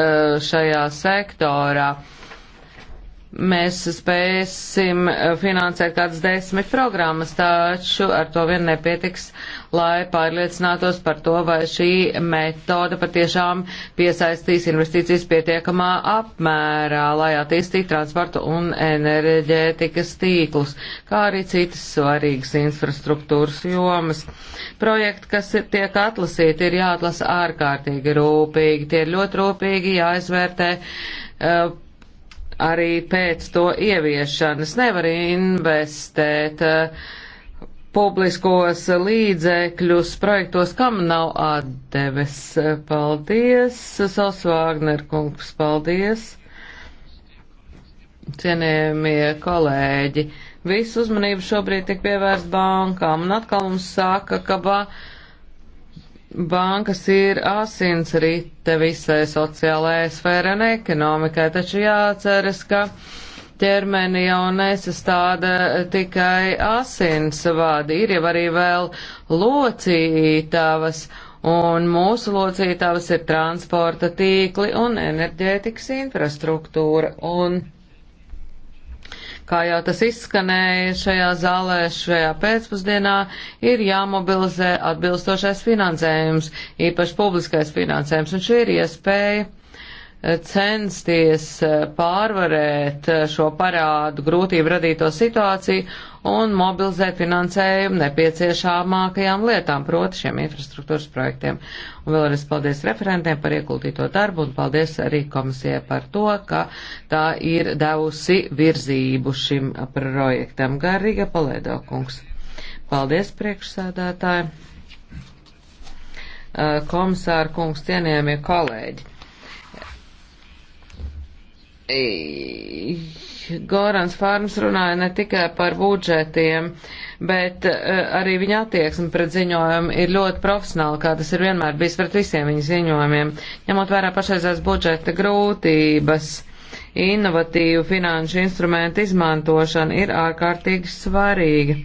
šajā sektorā. Uh, mēs spēsim eh, finansēt kādas desmit programmas, taču ar to vien nepietiks, lai pārliecinātos par to, vai šī metode patiešām piesaistīs investīcijas pietiekamā apmērā, lai attīstītu transportu un enerģētikas tīklus, kā arī citas svarīgas infrastruktūras jomas. Projekti, kas ir, tiek atlasīti, ir jāatlasa ārkārtīgi rūpīgi, tie ir ļoti rūpīgi jāizvērtē. Uh, arī pēc to ieviešanas. Nevar investēt eh, publiskos līdzekļus projektos, kam nav atdeves. Paldies, Sals Vāgner kungs, paldies. Cienējamie kolēģi, visu uzmanību šobrīd tiek pievērst bankām, un atkal mums saka, ka ba Bankas ir asins rite visai sociālajai sfērai un ekonomikai, taču jāceras, ka ķermeni jau nesastāda tikai asins vādi, ir jau arī vēl locītavas, un mūsu locītavas ir transporta tīkli un enerģētikas infrastruktūra. Un Kā jau tas izskanēja šajā zālē šajā pēcpusdienā, ir jāmobilizē atbilstošais finansējums, īpaši publiskais finansējums, un šī ir iespēja eh, censties eh, pārvarēt eh, šo parādu grūtību radīto situāciju un mobilizēt finansējumu nepieciešamākajām lietām, proti šiem infrastruktūras projektiem. Un vēlreiz paldies referentiem par ieguldīto darbu un paldies arī komisijai par to, ka tā ir devusi virzību šim projektam. Garīga palēdo kungs. Paldies priekšsēdētāji. Komisāra kungs, cienījamie kolēģi. I Gorans Farms runāja ne tikai par budžetiem, bet uh, arī viņa attieksme pret ziņojumu ir ļoti profesionāla, kā tas ir vienmēr bijis pret visiem viņa ziņojumiem. Ņemot vērā pašreizās budžeta grūtības, inovatīvu finanšu instrumentu izmantošana ir ārkārtīgi svarīga.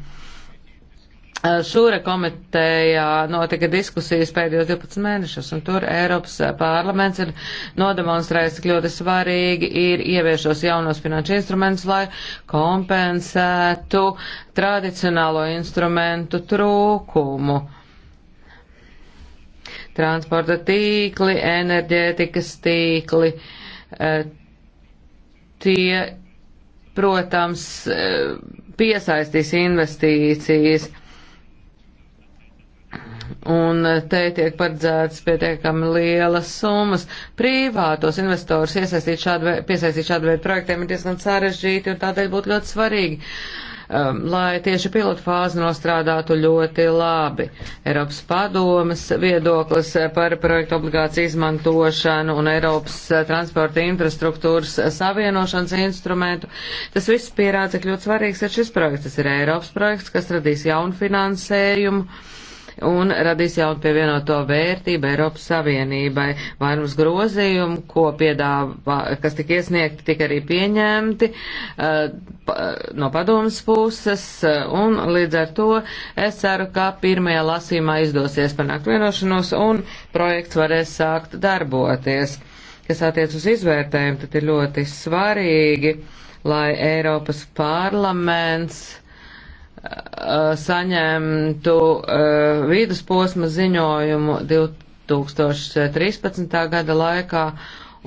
Eh, Šūra komitejā notika diskusijas pēdējos 12 mēnešus, un tur Eiropas eh, parlaments ir nodemonstrējis, cik ļoti svarīgi ir ieviešos jaunos finanšu instrumentus, lai kompensētu tradicionālo instrumentu trūkumu. Transporta tīkli, enerģētikas tīkli, eh, tie, protams, piesaistīs investīcijas un eh, te tiek paredzētas pietiekami lielas summas. Privātos investors iesaistīt šādu, piesaistīt šādu veidu projektiem ir diezgan sarežģīti un tādēļ būtu ļoti svarīgi. Um, lai tieši pilotu fāzi nostrādātu ļoti labi. Eiropas padomas viedoklis eh, par projektu obligāciju izmantošanu un Eiropas eh, transporta infrastruktūras savienošanas instrumentu. Tas viss pierāda, cik ļoti svarīgs ir šis projekts. Tas ir Eiropas projekts, kas radīs jaunu finansējumu un radīs jaunu pievienoto vērtību Eiropas Savienībai. Vairums grozījumu, ko piedāvā, kas tika iesniegti, tika arī pieņemti uh, no padomas puses, uh, un līdz ar to es ceru, ka pirmajā lasīmā izdosies panākt vienošanos un projekts varēs sākt darboties. Kas attiec uz izvērtējumu, tad ir ļoti svarīgi, lai Eiropas parlaments Uh, saņemtu uh, vidusposma ziņojumu 2013. gada laikā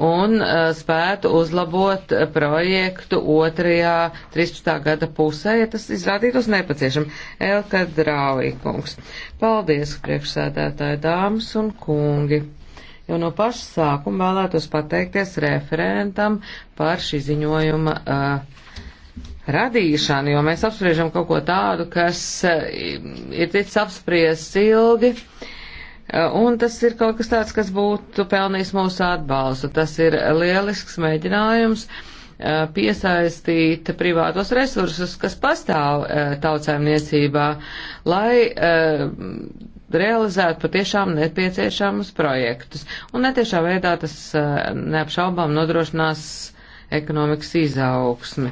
un uh, spētu uzlabot projektu otrajā 13. gada pusē, ja tas izrādītos nepaciešam. Elka Drāvīkungs. Paldies, priekšsēdētāji dāmas un kungi. Jau no paša sākuma vēlētos pateikties referentam par šī ziņojuma uh, radīšanu, jo mēs apspriežam kaut ko tādu, kas eh, ir ticis apspriests ilgi, eh, un tas ir kaut kas tāds, kas būtu pelnījis mūsu atbalstu. Tas ir lielisks mēģinājums eh, piesaistīt privātos resursus, kas pastāv tautsēmniecībā, lai realizētu patiešām nepieciešamus projektus. Un netiešā veidā tas neapšaubām nodrošinās ekonomikas izaugsmi.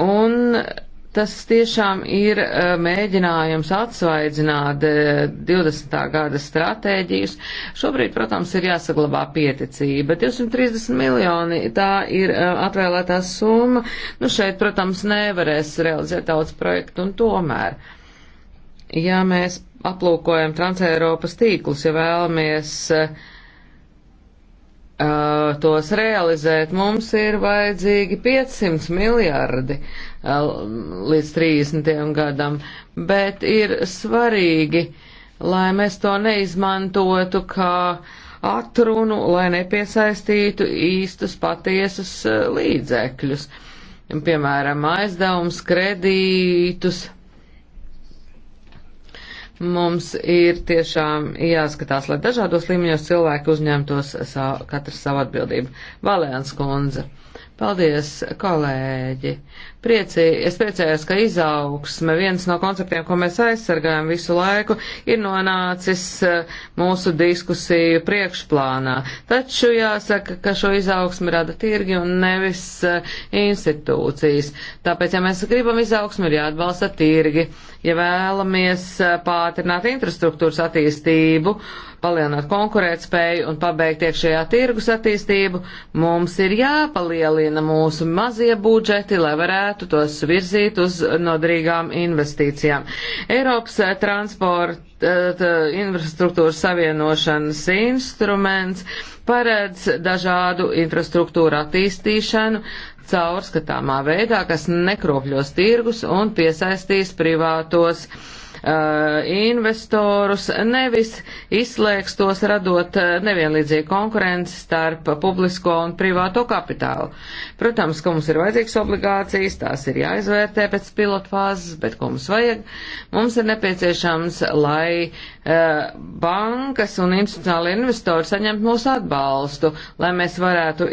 Un tas tiešām ir e, mēģinājums atsvaidzināt 20. E, gada stratēģijas. Šobrīd, protams, ir jāsaglabā pieticība. 230 miljoni tā ir e, atvēlētā summa. Nu, šeit, protams, nevarēs realizēt daudz projektu un tomēr. Ja mēs aplūkojam Transeiropas tīklus, ja vēlamies uh, uh, tos realizēt, mums ir vajadzīgi 500 miljardi uh, līdz 30. gadam, bet ir svarīgi, lai mēs to neizmantotu kā atrunu, lai nepiesaistītu īstus patiesus uh, līdzekļus. Piemēram, aizdevums, kredītus, Mums ir tiešām jāskatās, lai dažādos līmeņos cilvēki uzņemtos savu, katrs savu atbildību. Valēns kundze. Paldies, kolēģi priecī, es priecājos, ka izaugsme, viens no konceptiem, ko mēs aizsargājam visu laiku, ir nonācis eh, mūsu diskusiju priekšplānā. Taču jāsaka, ka šo izaugsmi rada tirgi un nevis eh, institūcijas. Tāpēc, ja mēs gribam izaugsmi, ir jāatbalsta tirgi. Ja vēlamies eh, pātrināt infrastruktūras attīstību, palielināt konkurētspēju un pabeigt iekšējā tirgus attīstību, mums ir jāpalielina mūsu mazie budžeti, lai varētu varētu tos virzīt uz nodrīgām investīcijām. Eiropas eh, transporta eh, infrastruktūras savienošanas instruments paredz dažādu infrastruktūru attīstīšanu caurskatāmā veidā, kas nekropļos tirgus un piesaistīs privātos uh, Uh, investorus, nevis izslēgstos radot uh, nevienlīdzīgu konkurenci starp publisko un privāto kapitālu. Protams, ka mums ir vajadzīgs obligācijas, tās ir jāizvērtē pēc pilotfāzes, bet ko mums vajag? Mums ir nepieciešams, lai uh, bankas un institucionāli investori saņemtu mūsu atbalstu, lai mēs varētu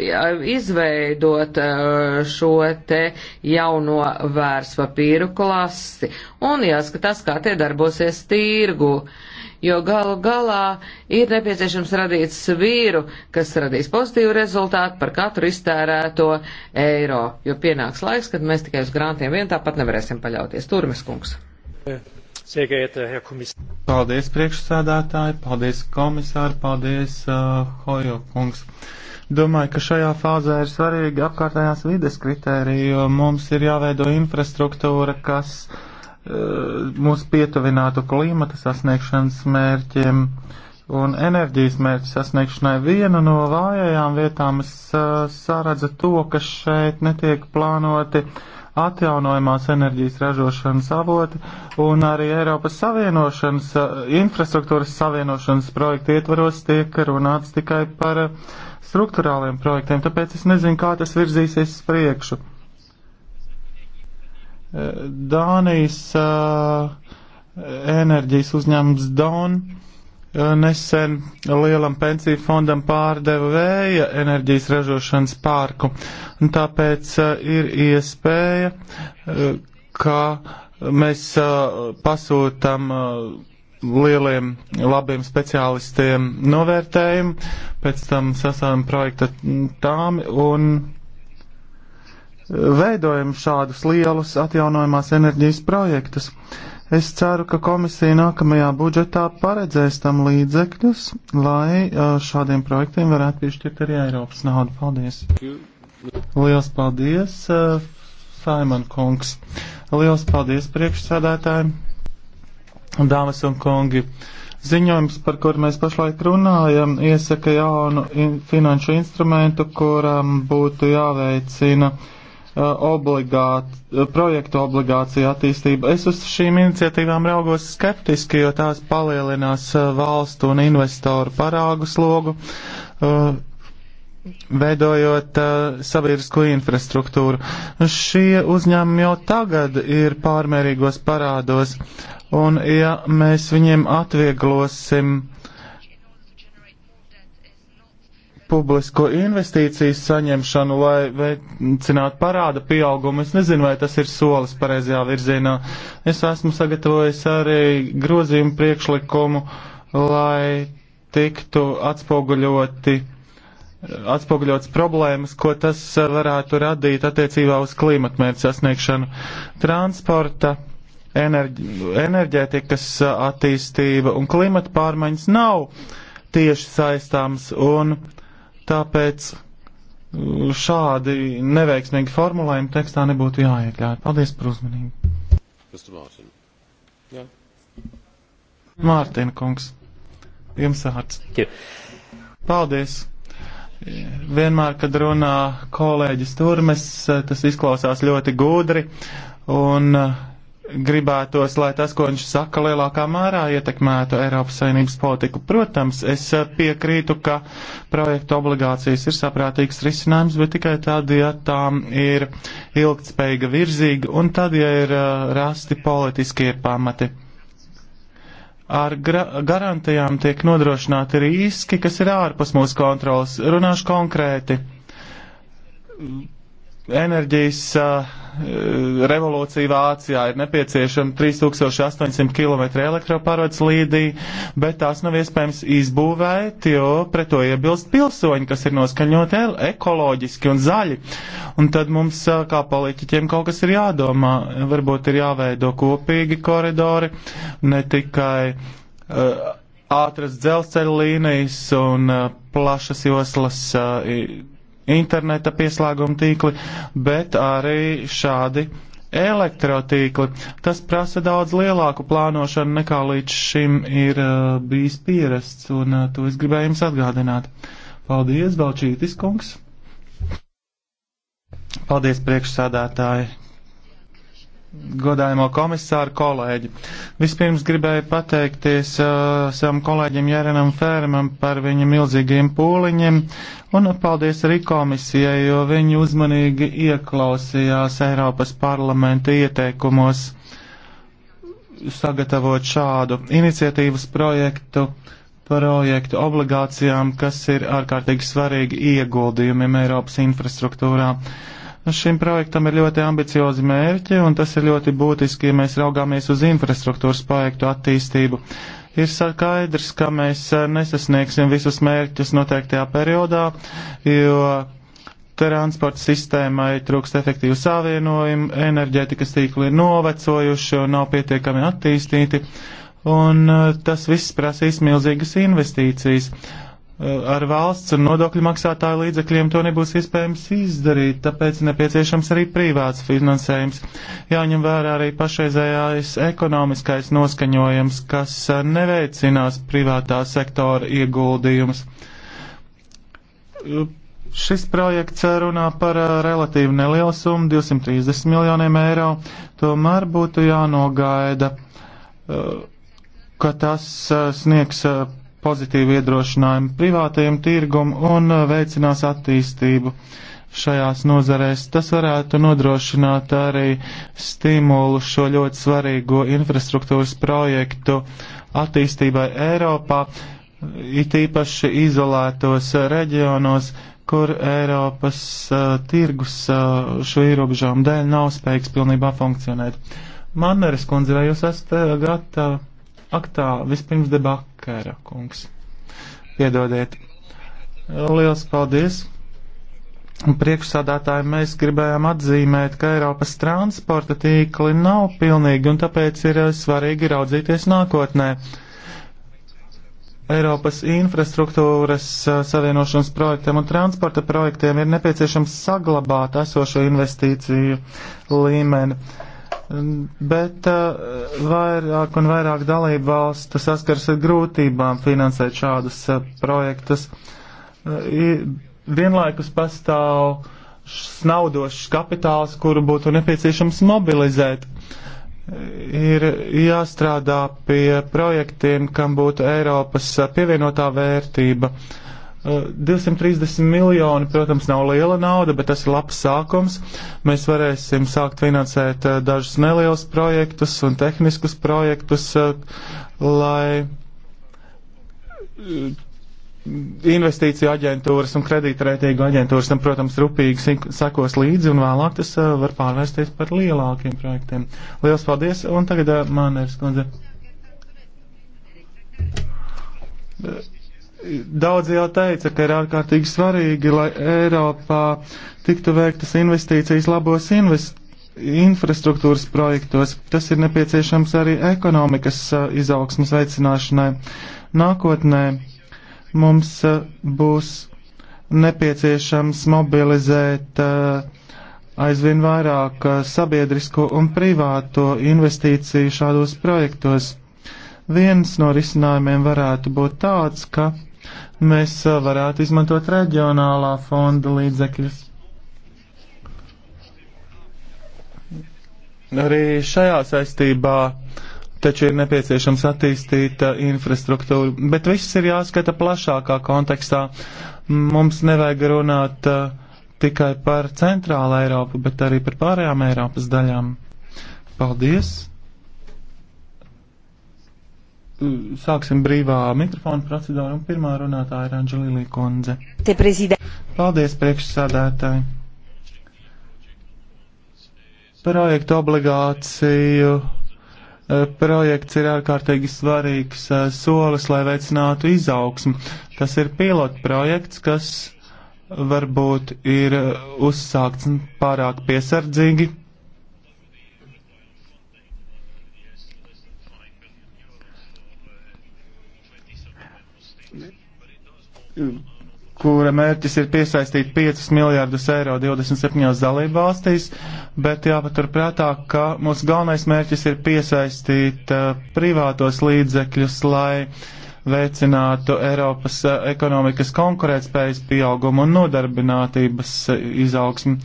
izveidot uh, šo te jauno vērtspapīru klasi. Un jāskatās, kā tie nedarbosies tirgu, jo galu galā ir nepieciešams radīt svīru, kas radīs pozitīvu rezultātu par katru iztērēto eiro, jo pienāks laiks, kad mēs tikai uz grantiem vien tāpat nevarēsim paļauties. Turmes kungs. Paldies priekšsādātāji, paldies komisāri, paldies uh, Hojo kungs. Domāju, ka šajā fāzē ir svarīgi apkārtējās vides kritērija, jo mums ir jāveido infrastruktūra, kas uh, Eh, mūs pietuvinātu klimata sasniegšanas mērķiem un enerģijas mērķu sasniegšanai. Viena no vājajām vietām es eh, sāredzu to, ka šeit netiek plānoti atjaunojumās enerģijas ražošanas avoti un arī Eiropas Savienošanas, eh, infrastruktūras savienošanas projektu ietvaros tiek runāts tikai par struktūrāliem projektiem, tāpēc es nezinu, kā tas virzīsies priekšu. Dānijas enerģijas uzņēmums Daun nesen lielam pensiju fondam pārdeva vēja enerģijas ražošanas pārku. Un tāpēc ir iespēja, ka mēs pasūtam lieliem labiem speciālistiem novērtējumu, pēc tam sasādām projekta tām un veidojam šādus lielus atjaunojumās enerģijas projektus. Es ceru, ka komisija nākamajā budžetā paredzēs tam līdzekļus, lai šādiem projektiem varētu piešķirt arī Eiropas naudu. Paldies! Liels paldies, Faiman kungs! Liels paldies priekšsēdētājiem! Dāmas un kungi! Ziņojums, par kuru mēs pašlaik runājam, iesaka jaunu in finanšu instrumentu, kuram būtu jāveicina uh, Uh, obligāt, uh, projektu obligācija attīstība. Es uz šīm iniciatīvām raugos skeptiski, jo tās palielinās uh, valstu un investoru parāgu slogu, veidojot sabiedrisko infrastruktūru. Šie uzņēmumi jau tagad ir pārmērīgos parādos, un ja mēs viņiem atvieglosim publisko investīciju saņemšanu, lai veicinātu parāda pieaugumu. Es nezinu, vai tas ir solis pareizajā virzienā. Es esmu sagatavojis arī grozījumu priekšlikumu, lai tiktu atspoguļoti atspoguļots problēmas, ko tas varētu radīt attiecībā uz klimatmērķu sasniegšanu. Transporta enerģi, enerģētikas attīstība un klimata pārmaiņas nav tieši saistāms, un Tāpēc šādi neveiksmīgi formulējumi tekstā nebūtu jāiekļauj. Paldies par uzmanību. Yeah. Mārtiņa kungs, jums vārds. Paldies! Vienmēr, kad runā kolēģis Turmes, tas izklausās ļoti gudri, un gribētos, lai tas, ko viņš saka, lielākā mērā ietekmētu Eiropas Savienības politiku. Protams, es eh, piekrītu, ka projektu obligācijas ir saprātīgs risinājums, bet tikai tad, ja tām ir ilgtspējīga virzīga un tad, ja ir eh, rasti politiskie pamati. Ar garantijām tiek nodrošināti riski, kas ir ārpus mūsu kontrolas. Runāšu konkrēti enerģijas uh, revolūcija Vācijā ir nepieciešama 3800 km elektropārvades līdī, bet tās nav iespējams izbūvēt, jo pret to iebilst pilsoņi, kas ir noskaņoti ekoloģiski un zaļi. Un tad mums, uh, kā politiķiem, kaut kas ir jādomā. Varbūt ir jāveido kopīgi koridori, ne tikai uh, ātras dzelzceļa līnijas un plašas joslas interneta pieslēguma tīkli, bet arī šādi elektrotīkli. Tas prasa daudz lielāku plānošanu nekā līdz šim ir uh, bijis pierasts, un uh, to es gribēju jums atgādināt. Paldies, Balčītis kungs! Paldies, priekšsādātāji! godājamo komisāru kolēģi. Vispirms gribēju pateikties uh, savam kolēģim Jērenam Fērmam par viņa milzīgiem pūliņiem un paldies arī komisijai, jo viņi uzmanīgi ieklausījās Eiropas parlamenta ieteikumos sagatavot šādu iniciatīvas projektu projektu obligācijām, kas ir ārkārtīgi svarīgi ieguldījumiem Eiropas infrastruktūrā. Uh, Nu, šim projektam ir ļoti ambiciozi mērķi, un tas ir ļoti būtiski, ja mēs raugāmies uz infrastruktūras projektu attīstību. Ir skaidrs, ka mēs eh, nesasniegsim visus mērķus noteiktajā periodā, jo transporta sistēmai trūkst efektīvu savienojumu, enerģētikas tīkli ir novecojuši un nav pietiekami attīstīti, un eh, tas viss prasīs milzīgas investīcijas Eh, ar valsts un nodokļu maksātāju līdzekļiem to nebūs iespējams izdarīt, tāpēc nepieciešams arī privāts finansējums. Jāņem vērā arī pašreizējais ekonomiskais noskaņojums, kas eh, neveicinās privātā sektora ieguldījumus. Eh, šis projekts runā par relatīvi nelielu summu - 230 miljoniem eiro, tomēr būtu jānogaida, ka tas sniegs pozitīvu iedrošinājumu privātajam tirgumu un uh, veicinās attīstību šajās nozarēs. Tas varētu nodrošināt arī stimulu šo ļoti svarīgo infrastruktūras projektu attīstībai Eiropā, it īpaši izolētos uh, reģionos, kur Eiropas uh, tirgus uh, šo ierobežojumu dēļ nav spējīgs pilnībā funkcionēt. Manneris kundze, vai jūs esat uh, gatava aktā vispirms debakā? Kēra kungs. Piedodiet. Liels paldies! Priekšsādātāji mēs gribējām atzīmēt, ka Eiropas transporta tīkli nav pilnīgi un tāpēc ir eh, svarīgi raudzīties nākotnē. Eiropas infrastruktūras eh, savienošanas projektiem un transporta projektiem ir nepieciešams saglabāt esošo investīciju līmeni Bet uh, vairāk un vairāk dalību valstu saskars ar grūtībām finansēt šādus uh, projektus. Uh, vienlaikus pastāv snaudošs kapitāls, kuru būtu nepieciešams mobilizēt. Ir jāstrādā pie projektiem, kam būtu Eiropas pievienotā vērtība. Uh, 230 eh, miljoni, protams, nav liela nauda, bet tas ir labs sākums. Mēs varēsim sākt finansēt eh, dažus nelielus projektus un tehniskus projektus, eh, lai investīciju aģentūras un kredītreitīgu aģentūras tam, protams, rūpīgi sekos līdzi un vēlāk tas var pārvērsties par lielākiem projektiem. Lielas paldies un tagad man ir skundze. Daudz jau teica, ka ir ārkārtīgi svarīgi, lai Eiropā tiktu veiktas investīcijas labos invest infrastruktūras projektos. Tas ir nepieciešams arī ekonomikas uh, izaugsmas veicināšanai. Nākotnē mums uh, būs nepieciešams mobilizēt uh, aizvien vairāk sabiedrisko un privāto investīciju šādos projektos. Viens no risinājumiem varētu būt tāds, ka mēs eh, varētu izmantot reģionālā fonda līdzekļus. Arī šajā saistībā taču ir nepieciešams attīstīt eh, infrastruktūru, bet viss ir jāskata plašākā kontekstā. Mums nevajag runāt eh, tikai par centrālu Eiropu, bet arī par pārējām Eiropas daļām. Paldies! Mm, sāksim brīvā mikrofona procedūru un pirmā runātāja ir Anģelīlī Kundze. Paldies priekšsādātāji. Projektu obligāciju. Eh, projekts ir ārkārtīgi svarīgs eh, solis, lai veicinātu izaugsmu. Tas ir pilotprojekts, kas varbūt ir eh, uzsākts pārāk piesardzīgi kura mērķis ir piesaistīt 5 miljārdus eiro 27 dalību valstīs, bet jāpaturprātā, ka mūsu galvenais mērķis ir piesaistīt uh, privātos līdzekļus, lai veicinātu Eiropas uh, ekonomikas konkurētspējas pieaugumu un nodarbinātības uh, izaugsmu.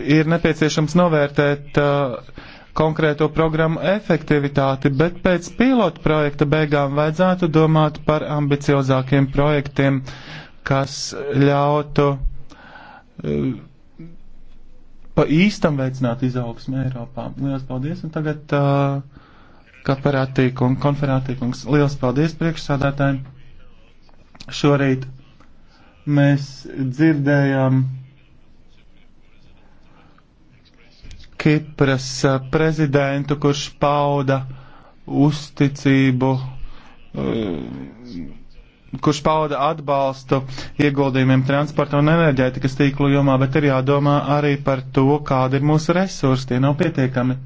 Ir nepieciešams novērtēt uh, konkrēto programmu efektivitāti, bet pēc pilotu projekta beigām vajadzētu domāt par ambiciozākiem projektiem, kas ļautu eh, pa īstam veicināt izaugsmu Eiropā. Lielas paldies! Un tagad uh, eh, kaperātīkums, konferātīkums. Lielas paldies priekšsādātājiem! Šorīt mēs dzirdējām Kipras eh, prezidentu, kurš pauda uzticību, eh, kurš pauda atbalstu ieguldījumiem transporta un enerģētikas tīklu jomā, bet ir jādomā arī par to, kāda ir mūsu resursi, tie nav pietiekami.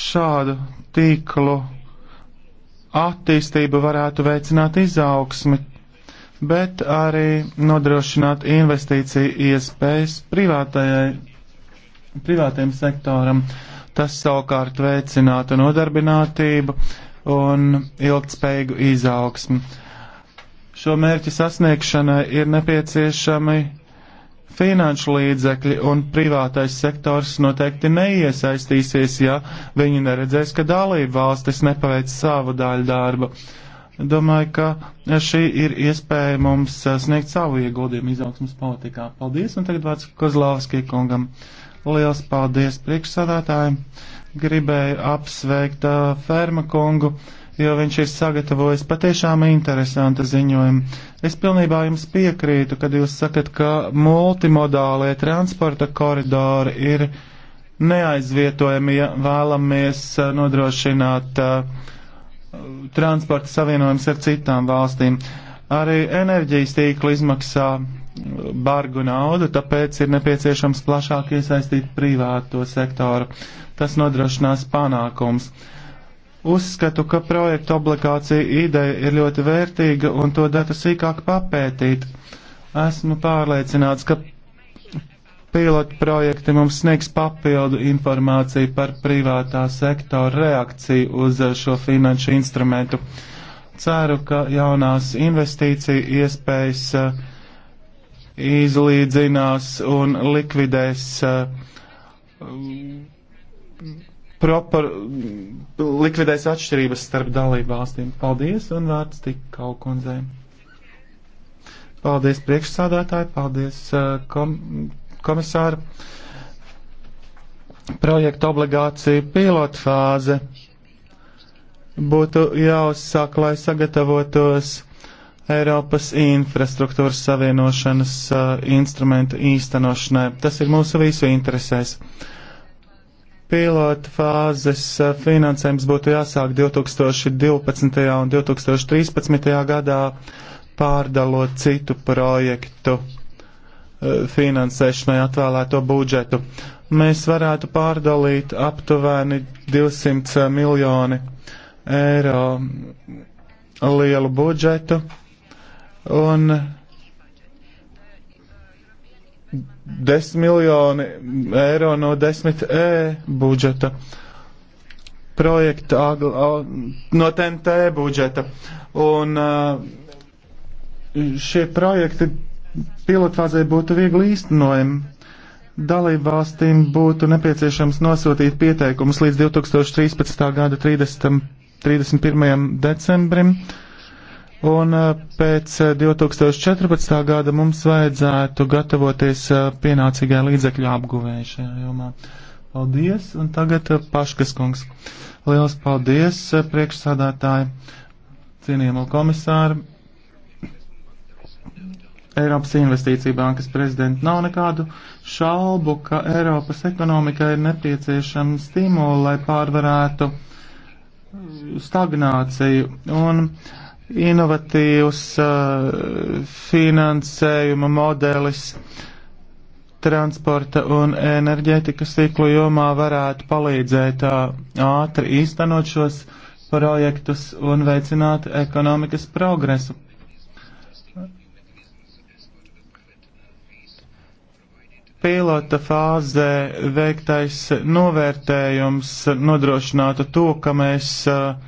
Šādu tīklu attīstību varētu veicināt izaugsmi, bet arī nodrošināt investīciju iespējas privātajam sektoram. Tas savukārt veicinātu nodarbinātību un ilgtspējīgu izaugsmu. Šo mērķu sasniegšanai ir nepieciešami finanšu līdzekļi, un privātais sektors noteikti neiesaistīsies, ja viņi neredzēs, ka dalība valstis nepaveic savu daļu darbu. Domāju, ka šī ir iespēja mums eh, sniegt savu ieguldījumu izaugsmas politikā. Paldies, un tagad vārds Kozlāvskī kungam. Liels paldies priekšsādātājiem. Gribēju apsveikt uh, Ferma kungu, jo viņš ir sagatavojis patiešām interesanta ziņojumu. Es pilnībā jums piekrītu, kad jūs sakat, ka multimodālie transporta koridori ir neaizvietojami, ja vēlamies eh, nodrošināt uh, transporta savienojums ar citām valstīm. Arī enerģijas tīkla izmaksā bargu naudu, tāpēc ir nepieciešams plašāk iesaistīt privāto sektoru. Tas nodrošinās panākums. Uzskatu, ka projekta obligācija ideja ir ļoti vērtīga un to datu sīkāk papētīt. Esmu pārliecināts, ka Pilotu projekti mums sniegs papildu informāciju par privātā sektora reakciju uz eh, šo finanšu instrumentu. Ceru, ka jaunās investīcija iespējas eh, izlīdzinās un likvidēs eh, propor, likvidēs atšķirības starp dalību valstīm. Paldies un vārds tik kalkundzēm. Paldies priekšsādātāji, paldies kom, komisāra. Projekta obligācija pilotfāze būtu jāuzsāk, lai sagatavotos Eiropas infrastruktūras savienošanas uh, instrumentu īstenošanai. Tas ir mūsu visu interesēs. Pilota fāzes uh, finansējums būtu jāsāk 2012. un 2013. gadā, pārdalot citu projektu finansēšanai atvēlēto budžetu. Mēs varētu pārdalīt aptuveni 200 miljoni eiro lielu budžetu un 10 miljoni eiro no 10E budžeta projekta no TNT budžeta. Un uh, šie projekti pilotfāzē būtu viegli īstenojami. Dalībvalstīm būtu nepieciešams nosūtīt pieteikumus līdz 2013. gada 30, 31. decembrim, un eh, pēc 2014. Eh, gada mums vajadzētu gatavoties eh, pienācīgai līdzekļu apguvēju šajā jomā. Paldies, un tagad Paškas kungs. Liels paldies, priekšsādātāji, cienījamo komisāru, Eiropas Investīcija bankas prezidenta. Nav nekādu šaubu, ka Eiropas ekonomikai ir nepieciešama stimula, lai pārvarētu stagnāciju un inovatīvs uh, finansējuma modelis transporta un enerģētikas tīklu jomā varētu palīdzēt uh, ātri īstenot šos projektus un veicināt ekonomikas progresu. pilota fāzē veiktais novērtējums nodrošinātu to, ka mēs uh,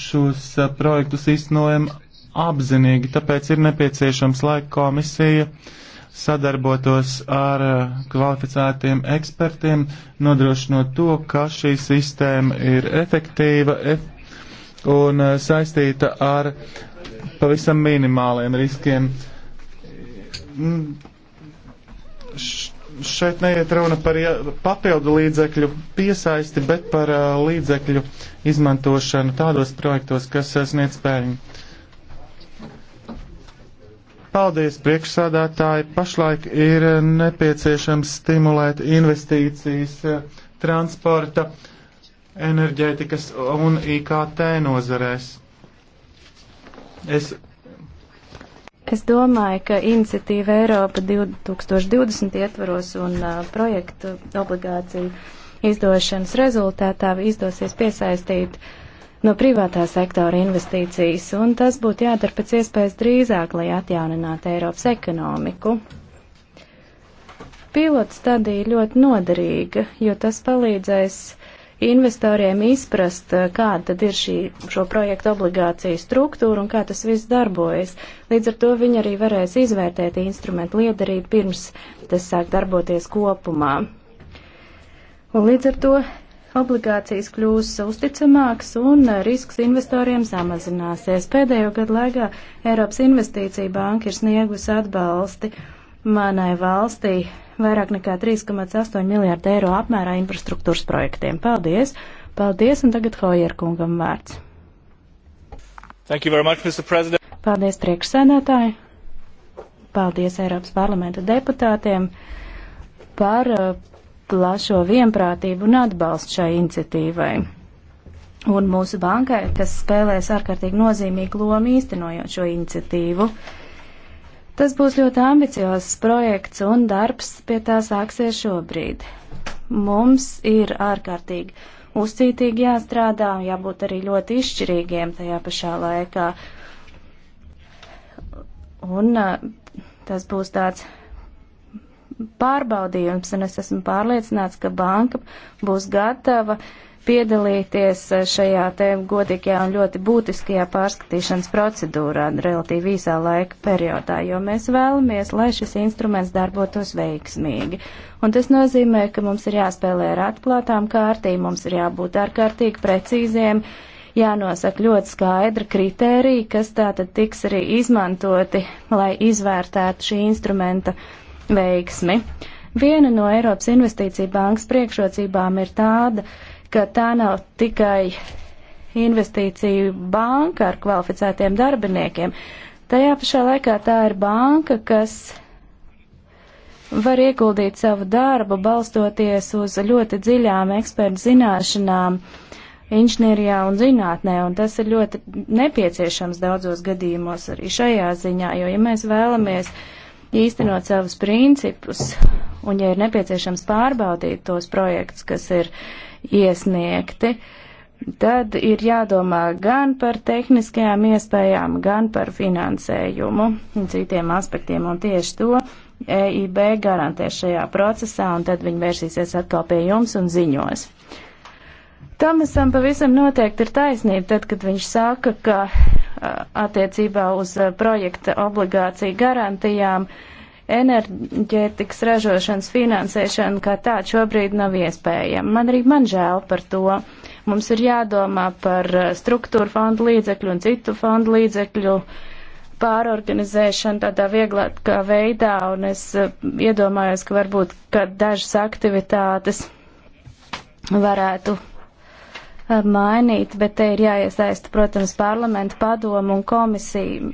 šos uh, projektus īstenojam apzinīgi, tāpēc ir nepieciešams, lai komisija sadarbotos ar uh, kvalificētiem ekspertiem, nodrošinot to, ka šī sistēma ir efektīva ef un saistīta ar pavisam minimāliem riskiem mm šeit neiet runa par papildu līdzekļu piesaisti, bet par līdzekļu izmantošanu tādos projektos, kas sniedz spēļņu. Paldies, priekšsādātāji. Pašlaik ir nepieciešams stimulēt investīcijas transporta, enerģētikas un IKT nozarēs. Es Es domāju, ka iniciatīva Eiropa 2020 ietvaros un uh, projektu obligāciju izdošanas rezultātā izdosies piesaistīt no privātā sektora investīcijas, un tas būtu jādara pēc iespējas drīzāk, lai atjauninātu Eiropas ekonomiku. Pilota stadija ļoti noderīga, jo tas palīdzēs uh, investoriem izprast, eh, kāda tad ir šī, šo projektu obligāciju struktūra un kā tas viss darbojas. Līdz ar to viņi arī varēs izvērtēt instrumentu liederību pirms tas sāk darboties kopumā. Un līdz ar to obligācijas kļūs uzticamāks un eh, risks investoriem samazināsies. Pēdējo gadu laikā Eiropas Investīcija banka ir sniegusi atbalsti manai valstī vairāk nekā 3,8 miljārdu eiro apmērā infrastruktūras projektiem. Paldies! Paldies, un tagad Hojer kungam vārds. Much, Paldies priekšsēdētāji! Paldies Eiropas parlamenta deputātiem par uh, plašo vienprātību un atbalstu šai iniciatīvai. Un mūsu bankai, kas spēlēs ārkārtīgi nozīmīgu lomu īstenojot šo iniciatīvu. Uh, Tas būs ļoti ambiciozs projekts un darbs pie tā sāksies šobrīd. Mums ir ārkārtīgi uzcītīgi jāstrādā un jābūt arī ļoti izšķirīgiem tajā pašā laikā. Un tas būs tāds pārbaudījums, un es esmu pārliecināts, ka banka būs gatava uh, piedalīties eh, šajā te godīgajā un ļoti būtiskajā pārskatīšanas procedūrā relatīvi īsā laika periodā, jo mēs vēlamies, lai šis instruments darbotos veiksmīgi. Un tas nozīmē, ka mums ir jāspēlē ar atklātām kārtīm, mums ir jābūt ārkārtīgi precīziem, jānosaka ļoti skaidra kritērija, kas tātad tiks arī izmantoti, lai izvērtētu šī instrumenta veiksmi. Viena no Eiropas investīcija bankas priekšrocībām ir tāda, uh, ka tā nav tikai investīciju banka ar kvalificētiem darbiniekiem. Tajā pašā laikā tā ir banka, kas var ieguldīt savu darbu, balstoties uz ļoti dziļām ekspertu zināšanām, inženierijā un zinātnē, un tas ir ļoti nepieciešams daudzos gadījumos arī šajā ziņā, jo, ja mēs vēlamies uh, īstenot savus principus, un ja ir nepieciešams pārbaudīt tos projektus, kas ir iesniegti, tad ir jādomā gan par tehniskajām iespējām, gan par finansējumu un citiem aspektiem, un tieši to EIB garantēs šajā procesā, un tad viņi vērsīsies atkal pie jums un ziņos. Tomasam pavisam noteikti ir taisnība tad, kad viņš saka, ka attiecībā uz eh, projekta obligāciju garantijām enerģētikas ražošanas finansēšana kā tāda šobrīd nav iespējama. Man arī man žēl par to. Mums ir jādomā par eh, struktūra fondu līdzekļu un citu fondu līdzekļu pārorganizēšanu tādā vieglākā veidā, un es eh, iedomājos, ka varbūt, ka dažas aktivitātes varētu Eh, mainīt, bet te ir jāiesaista, protams, parlamenta padomu un komisiju,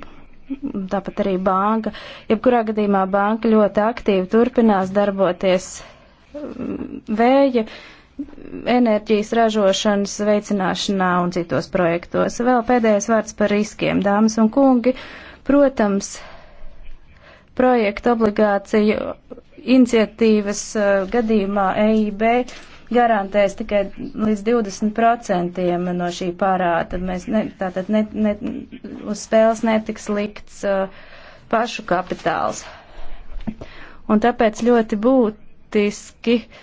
tāpat arī banka. Jebkurā gadījumā banka ļoti aktīvi turpinās darboties eh, vēja enerģijas ražošanas veicināšanā un citos projektos. Vēl pēdējais vārds par riskiem, dāmas un kungi. Protams, projekta obligāciju iniciatīvas eh, gadījumā EIB garantēs tikai līdz 20% no šī parāda. Mēs ne, tātad ne, ne, uz spēles netiks likts uh, pašu kapitāls. Un tāpēc ļoti būtiski uh,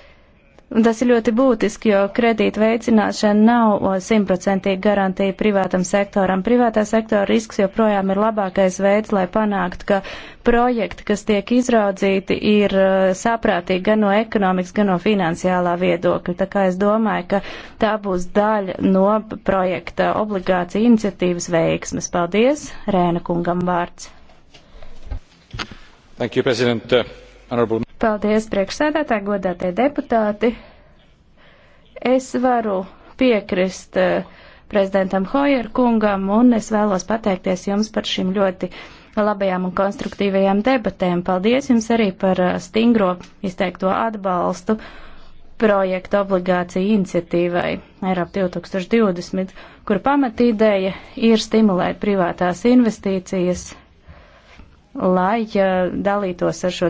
Un tas ir ļoti būtiski, jo kredīta veicināšana nav simtprocentīgi garantija privātam sektoram. Privātā sektora risks joprojām ir labākais veids, lai panāktu, ka projekti, kas tiek izraudzīti, ir saprātīgi gan no ekonomikas, gan no finansiālā viedokļa. Tā kā es domāju, ka tā būs daļa no projekta obligācija iniciatīvas veiksmes. Paldies, Rēna kungam vārds. Thank you, President. Uh, honorable... Paldies, priekšsēdētāji, godātie deputāti. Es varu piekrist eh, prezidentam Hojer kungam un es vēlos pateikties jums par šīm ļoti labajām un konstruktīvajām debatēm. Paldies jums arī par eh, stingro izteikto atbalstu projektu obligāciju iniciatīvai Eiropa 2020, kur pamatīdeja ir stimulēt privātās investīcijas lai dalītos ar šo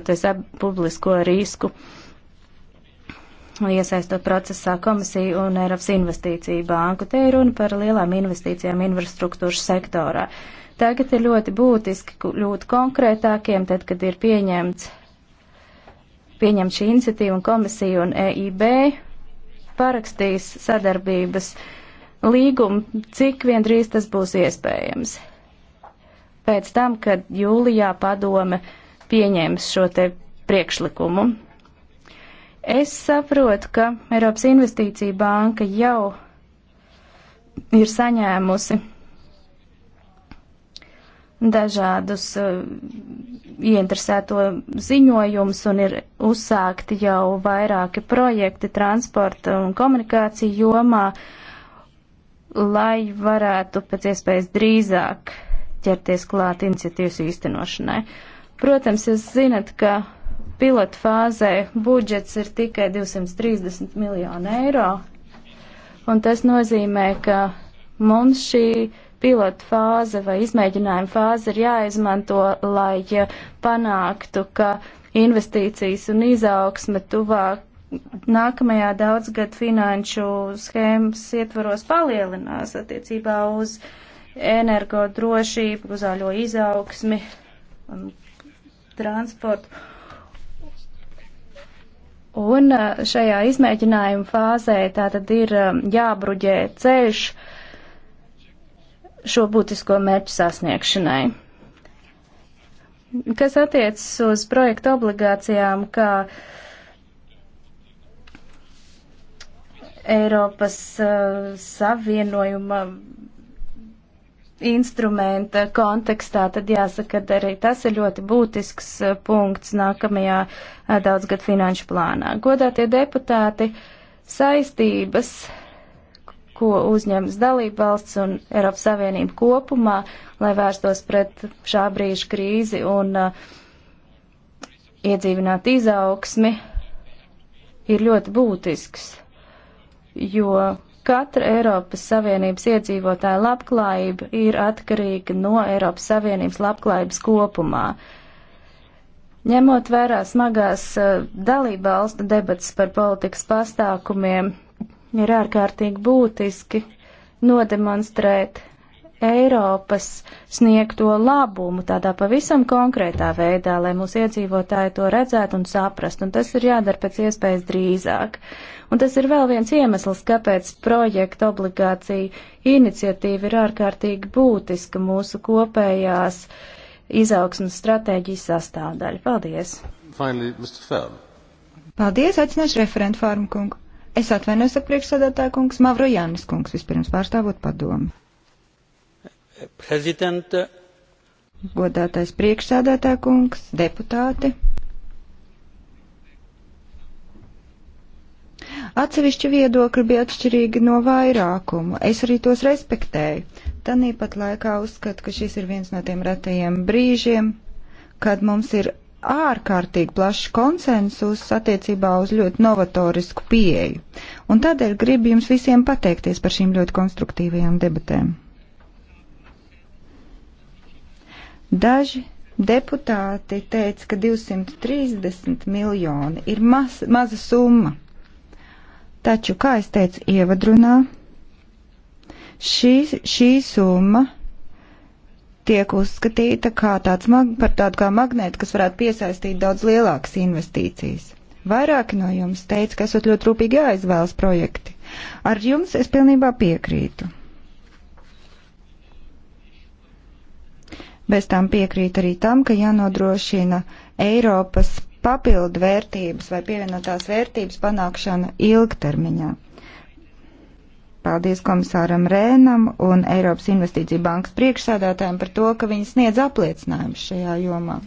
publisko risku iesaistot procesā komisiju un Eiropas investīciju banku. Te ir runa par lielām investīcijām infrastruktūras sektorā. Tagad ir ļoti būtiski kļūt konkrētākiem, tad, kad ir pieņemts, pieņemts šī iniciatīva un komisija un EIB parakstīs sadarbības līgumu, cik vien drīz tas būs iespējams pēc tam, kad jūlijā padome pieņēmis šo te priekšlikumu. Es saprotu, ka Eiropas Investīcija banka jau ir saņēmusi dažādus uh, ieinteresēto ziņojumus un ir uzsākti jau vairāki projekti transporta un komunikāciju jomā, lai varētu pēc iespējas drīzāk ķerties klāt iniciatīvas īstenošanai. Protams, jūs zinat, ka pilotu fāzē budžets ir tikai 230 miljonu eiro, un tas nozīmē, ka mums šī pilotu fāze vai izmēģinājuma fāze ir jāizmanto, lai panāktu, ka investīcijas un izaugsme tuvāk nākamajā daudzgad finanšu schēmas ietvaros palielinās attiecībā uz uh, energo drošību, uz zaļo izaugsmi, transportu. Un uh, šajā izmēģinājuma fāzē tātad ir um, jābruģē ceļš šo būtisko mērķu sasniegšanai. Kas attiecas uz projektu obligācijām, kā Eiropas uh, Savienojuma instrumenta kontekstā, tad jāsaka, ka arī tas ir ļoti būtisks eh, punkts nākamajā eh, daudzgad finanšu plānā. Godātie deputāti, saistības, ko uzņems dalībvalsts un Eiropas Savienība kopumā, lai vērstos pret šā brīža krīzi un uh, eh, iedzīvināt izaugsmi, ir ļoti būtisks, jo Katra Eiropas Savienības iedzīvotāja labklājība ir atkarīga no Eiropas Savienības labklājības kopumā. Ņemot vērā smagās eh, dalībvalstu debatas par politikas pastākumiem, ir ārkārtīgi būtiski nodemonstrēt Eiropas sniegto labumu tādā pavisam konkrētā veidā, lai mūsu iedzīvotāji to redzētu un saprastu, un tas ir jādara pēc iespējas drīzāk. Un tas ir vēl viens iemesls, kāpēc projekta obligācija iniciatīva ir ārkārtīgi būtiska mūsu kopējās izaugsmas stratēģijas sastāvdaļa. Paldies! Finally, Mr. Fell. Paldies, aicināšu referentu Fārmu kungu. Es atvainojos ar priekšsādātāju kungs Mavro Jānis kungs, vispirms pārstāvot padomu. Prezidenta. Godātais priekšsādātā kungs, deputāti. Atsevišķi viedokļi bija atšķirīgi no vairākumu. Es arī tos respektēju. Tanīpat laikā uzskatu, ka šis ir viens no tiem retajiem brīžiem, kad mums ir ārkārtīgi plašs konsensus attiecībā uz ļoti novatorisku pieeju. Un tādēļ gribu jums visiem pateikties par šīm ļoti konstruktīvajām debatēm. Daži deputāti teica, ka 230 miljoni ir maz, maza summa. Taču, kā es teicu ievadrunā, šī, šī summa tiek uzskatīta kā tāds, par tādu kā magnētu, kas varētu piesaistīt daudz lielākas investīcijas. Vairāki no jums teica, ka esat ļoti rūpīgi jāizvēlas projekti. Ar jums es pilnībā piekrītu. Bez tam piekrīt arī tam, ka jānodrošina Eiropas papildu vērtības vai pievienotās vērtības panākšana ilgtermiņā. Paldies komisāram Rēnam un Eiropas Investīcija bankas priekšsādātājiem par to, ka viņi sniedz apliecinājumus šajā jomā.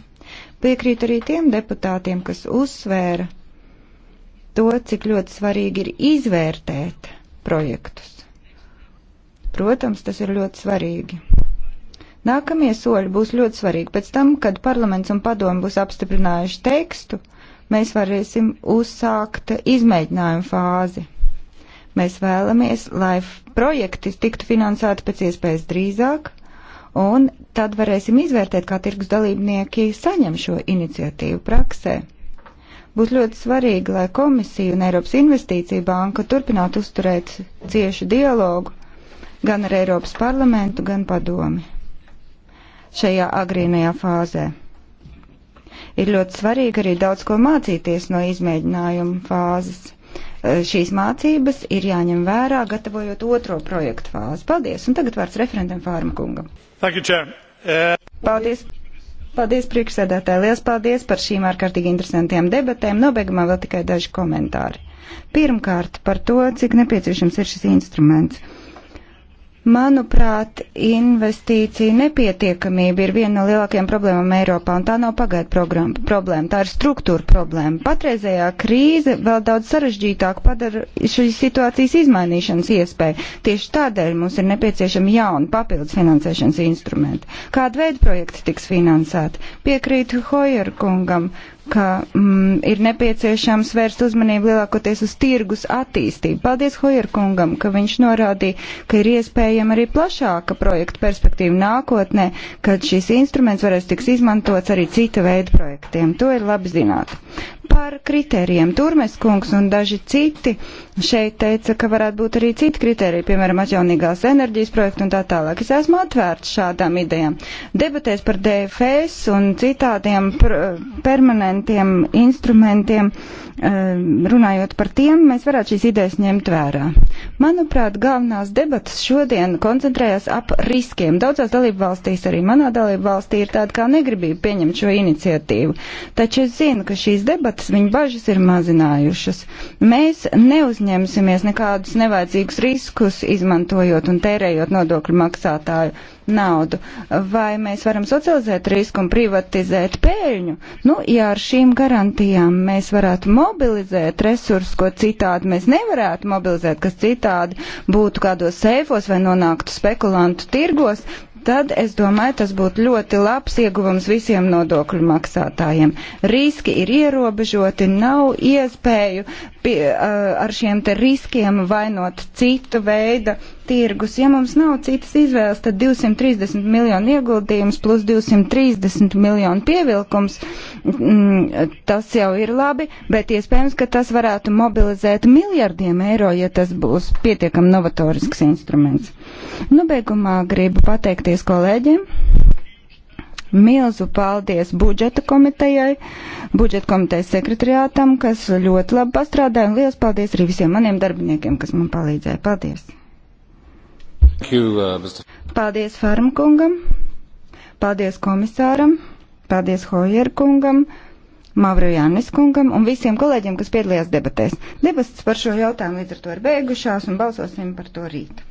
Piekrīt arī tiem deputātiem, kas uzsvēra to, cik ļoti svarīgi ir izvērtēt projektus. Protams, tas ir ļoti svarīgi. Nākamie soļi būs ļoti svarīgi. Pēc tam, kad parlaments un padomu būs apstiprinājuši tekstu, mēs varēsim uzsākt izmēģinājumu fāzi. Mēs vēlamies, lai projekti tiktu finansēti pēc iespējas drīzāk, un tad varēsim izvērtēt, kā tirgus dalībnieki saņem šo iniciatīvu praksē. Būs ļoti svarīgi, lai komisija un Eiropas investīcija banka turpinātu uzturēt ciešu dialogu gan ar Eiropas parlamentu, gan padomi šajā agrīnajā fāzē. Ir ļoti svarīgi arī daudz ko mācīties no izmēģinājuma fāzes. Eh, šīs mācības ir jāņem vērā, gatavojot otro projektu fāzi. Paldies, un tagad vārds referentam Fārma kungam. Thank you, Chair. Uh... Paldies. Paldies, priekšsēdētāji. Lielas paldies par šīm ārkārtīgi interesantiem debatēm. Nobeigumā vēl tikai daži komentāri. Pirmkārt, par to, cik nepieciešams ir šis instruments. Manuprāt, investīcija nepietiekamība ir viena no lielākajām problēmām Eiropā, un tā nav pagaidu problēma, tā ir struktūra problēma. Patreizējā krīze vēl daudz sarežģītāk padara šīs situācijas izmainīšanas iespēju. Tieši tādēļ mums ir nepieciešami jauni papildus finansēšanas instrumenti. Kāda veida projekti tiks finansēti? Piekrītu Hojer kungam, ka mm, ir nepieciešams vērst uzmanību lielākoties uz tirgus attīstību. Paldies Hojerkungam, ka viņš norādīja, ka ir iespējama arī plašāka projekta perspektīva nākotnē, kad šis instruments varēs tiks izmantots arī cita veida projektiem. To ir labi zināt. Par kritērijiem Turmes kungs un daži citi šeit teica, ka varētu būt arī citi kritēriji, piemēram, atjaunīgās enerģijas projekti un tā tālāk. Es esmu atvērts šādām idejām. Debatēs par DFS un citādiem permanentiem instrumentiem Ehm, runājot par tiem, mēs varētu šīs idejas ņemt vērā. Manuprāt, galvenās debatas šodien koncentrējas ap riskiem. Daudzās dalību valstīs, arī manā dalību valstī, ir tāda kā negribība pieņemt šo iniciatīvu. Taču es zinu, ka šīs debatas viņu bažas ir mazinājušas. Mēs neuzņemsimies nekādus nevajadzīgus riskus, izmantojot un tērējot nodokļu maksātāju naudu. Vai mēs varam socializēt risku un privatizēt pēļņu? Nu, ja ar šīm garantijām mēs varētu mobilizēt resursus, ko citādi mēs nevarētu mobilizēt, kas citādi būtu kādos seifos vai nonāktu spekulantu tirgos, tad es domāju, tas būtu ļoti labs ieguvums visiem nodokļu maksātājiem. Riski ir ierobežoti, nav iespēju pie, eh, ar šiem te riskiem vainot citu veidu tirgus. Ja mums nav citas izvēles, tad 230 miljonu ieguldījums plus 230 miljonu pievilkums, mm, tas jau ir labi, bet iespējams, ka tas varētu mobilizēt miljardiem eiro, ja tas būs pietiekam novatorisks instruments. Nu, beigumā gribu pateikties kolēģiem Milzu paldies budžeta komitejai, budžeta komitejas sekretariātam, kas ļoti labi pastrādāja, un liels paldies arī visiem maniem darbiniekiem, kas man palīdzēja. Paldies! You, uh, paldies Farmkungam, paldies komisāram, paldies Hojerkungam, Mavru Jānis kungam un visiem kolēģiem, kas piedalījās debatēs. Debasts par šo jautājumu līdz ar to ir beigušās un balsosim par to rīt.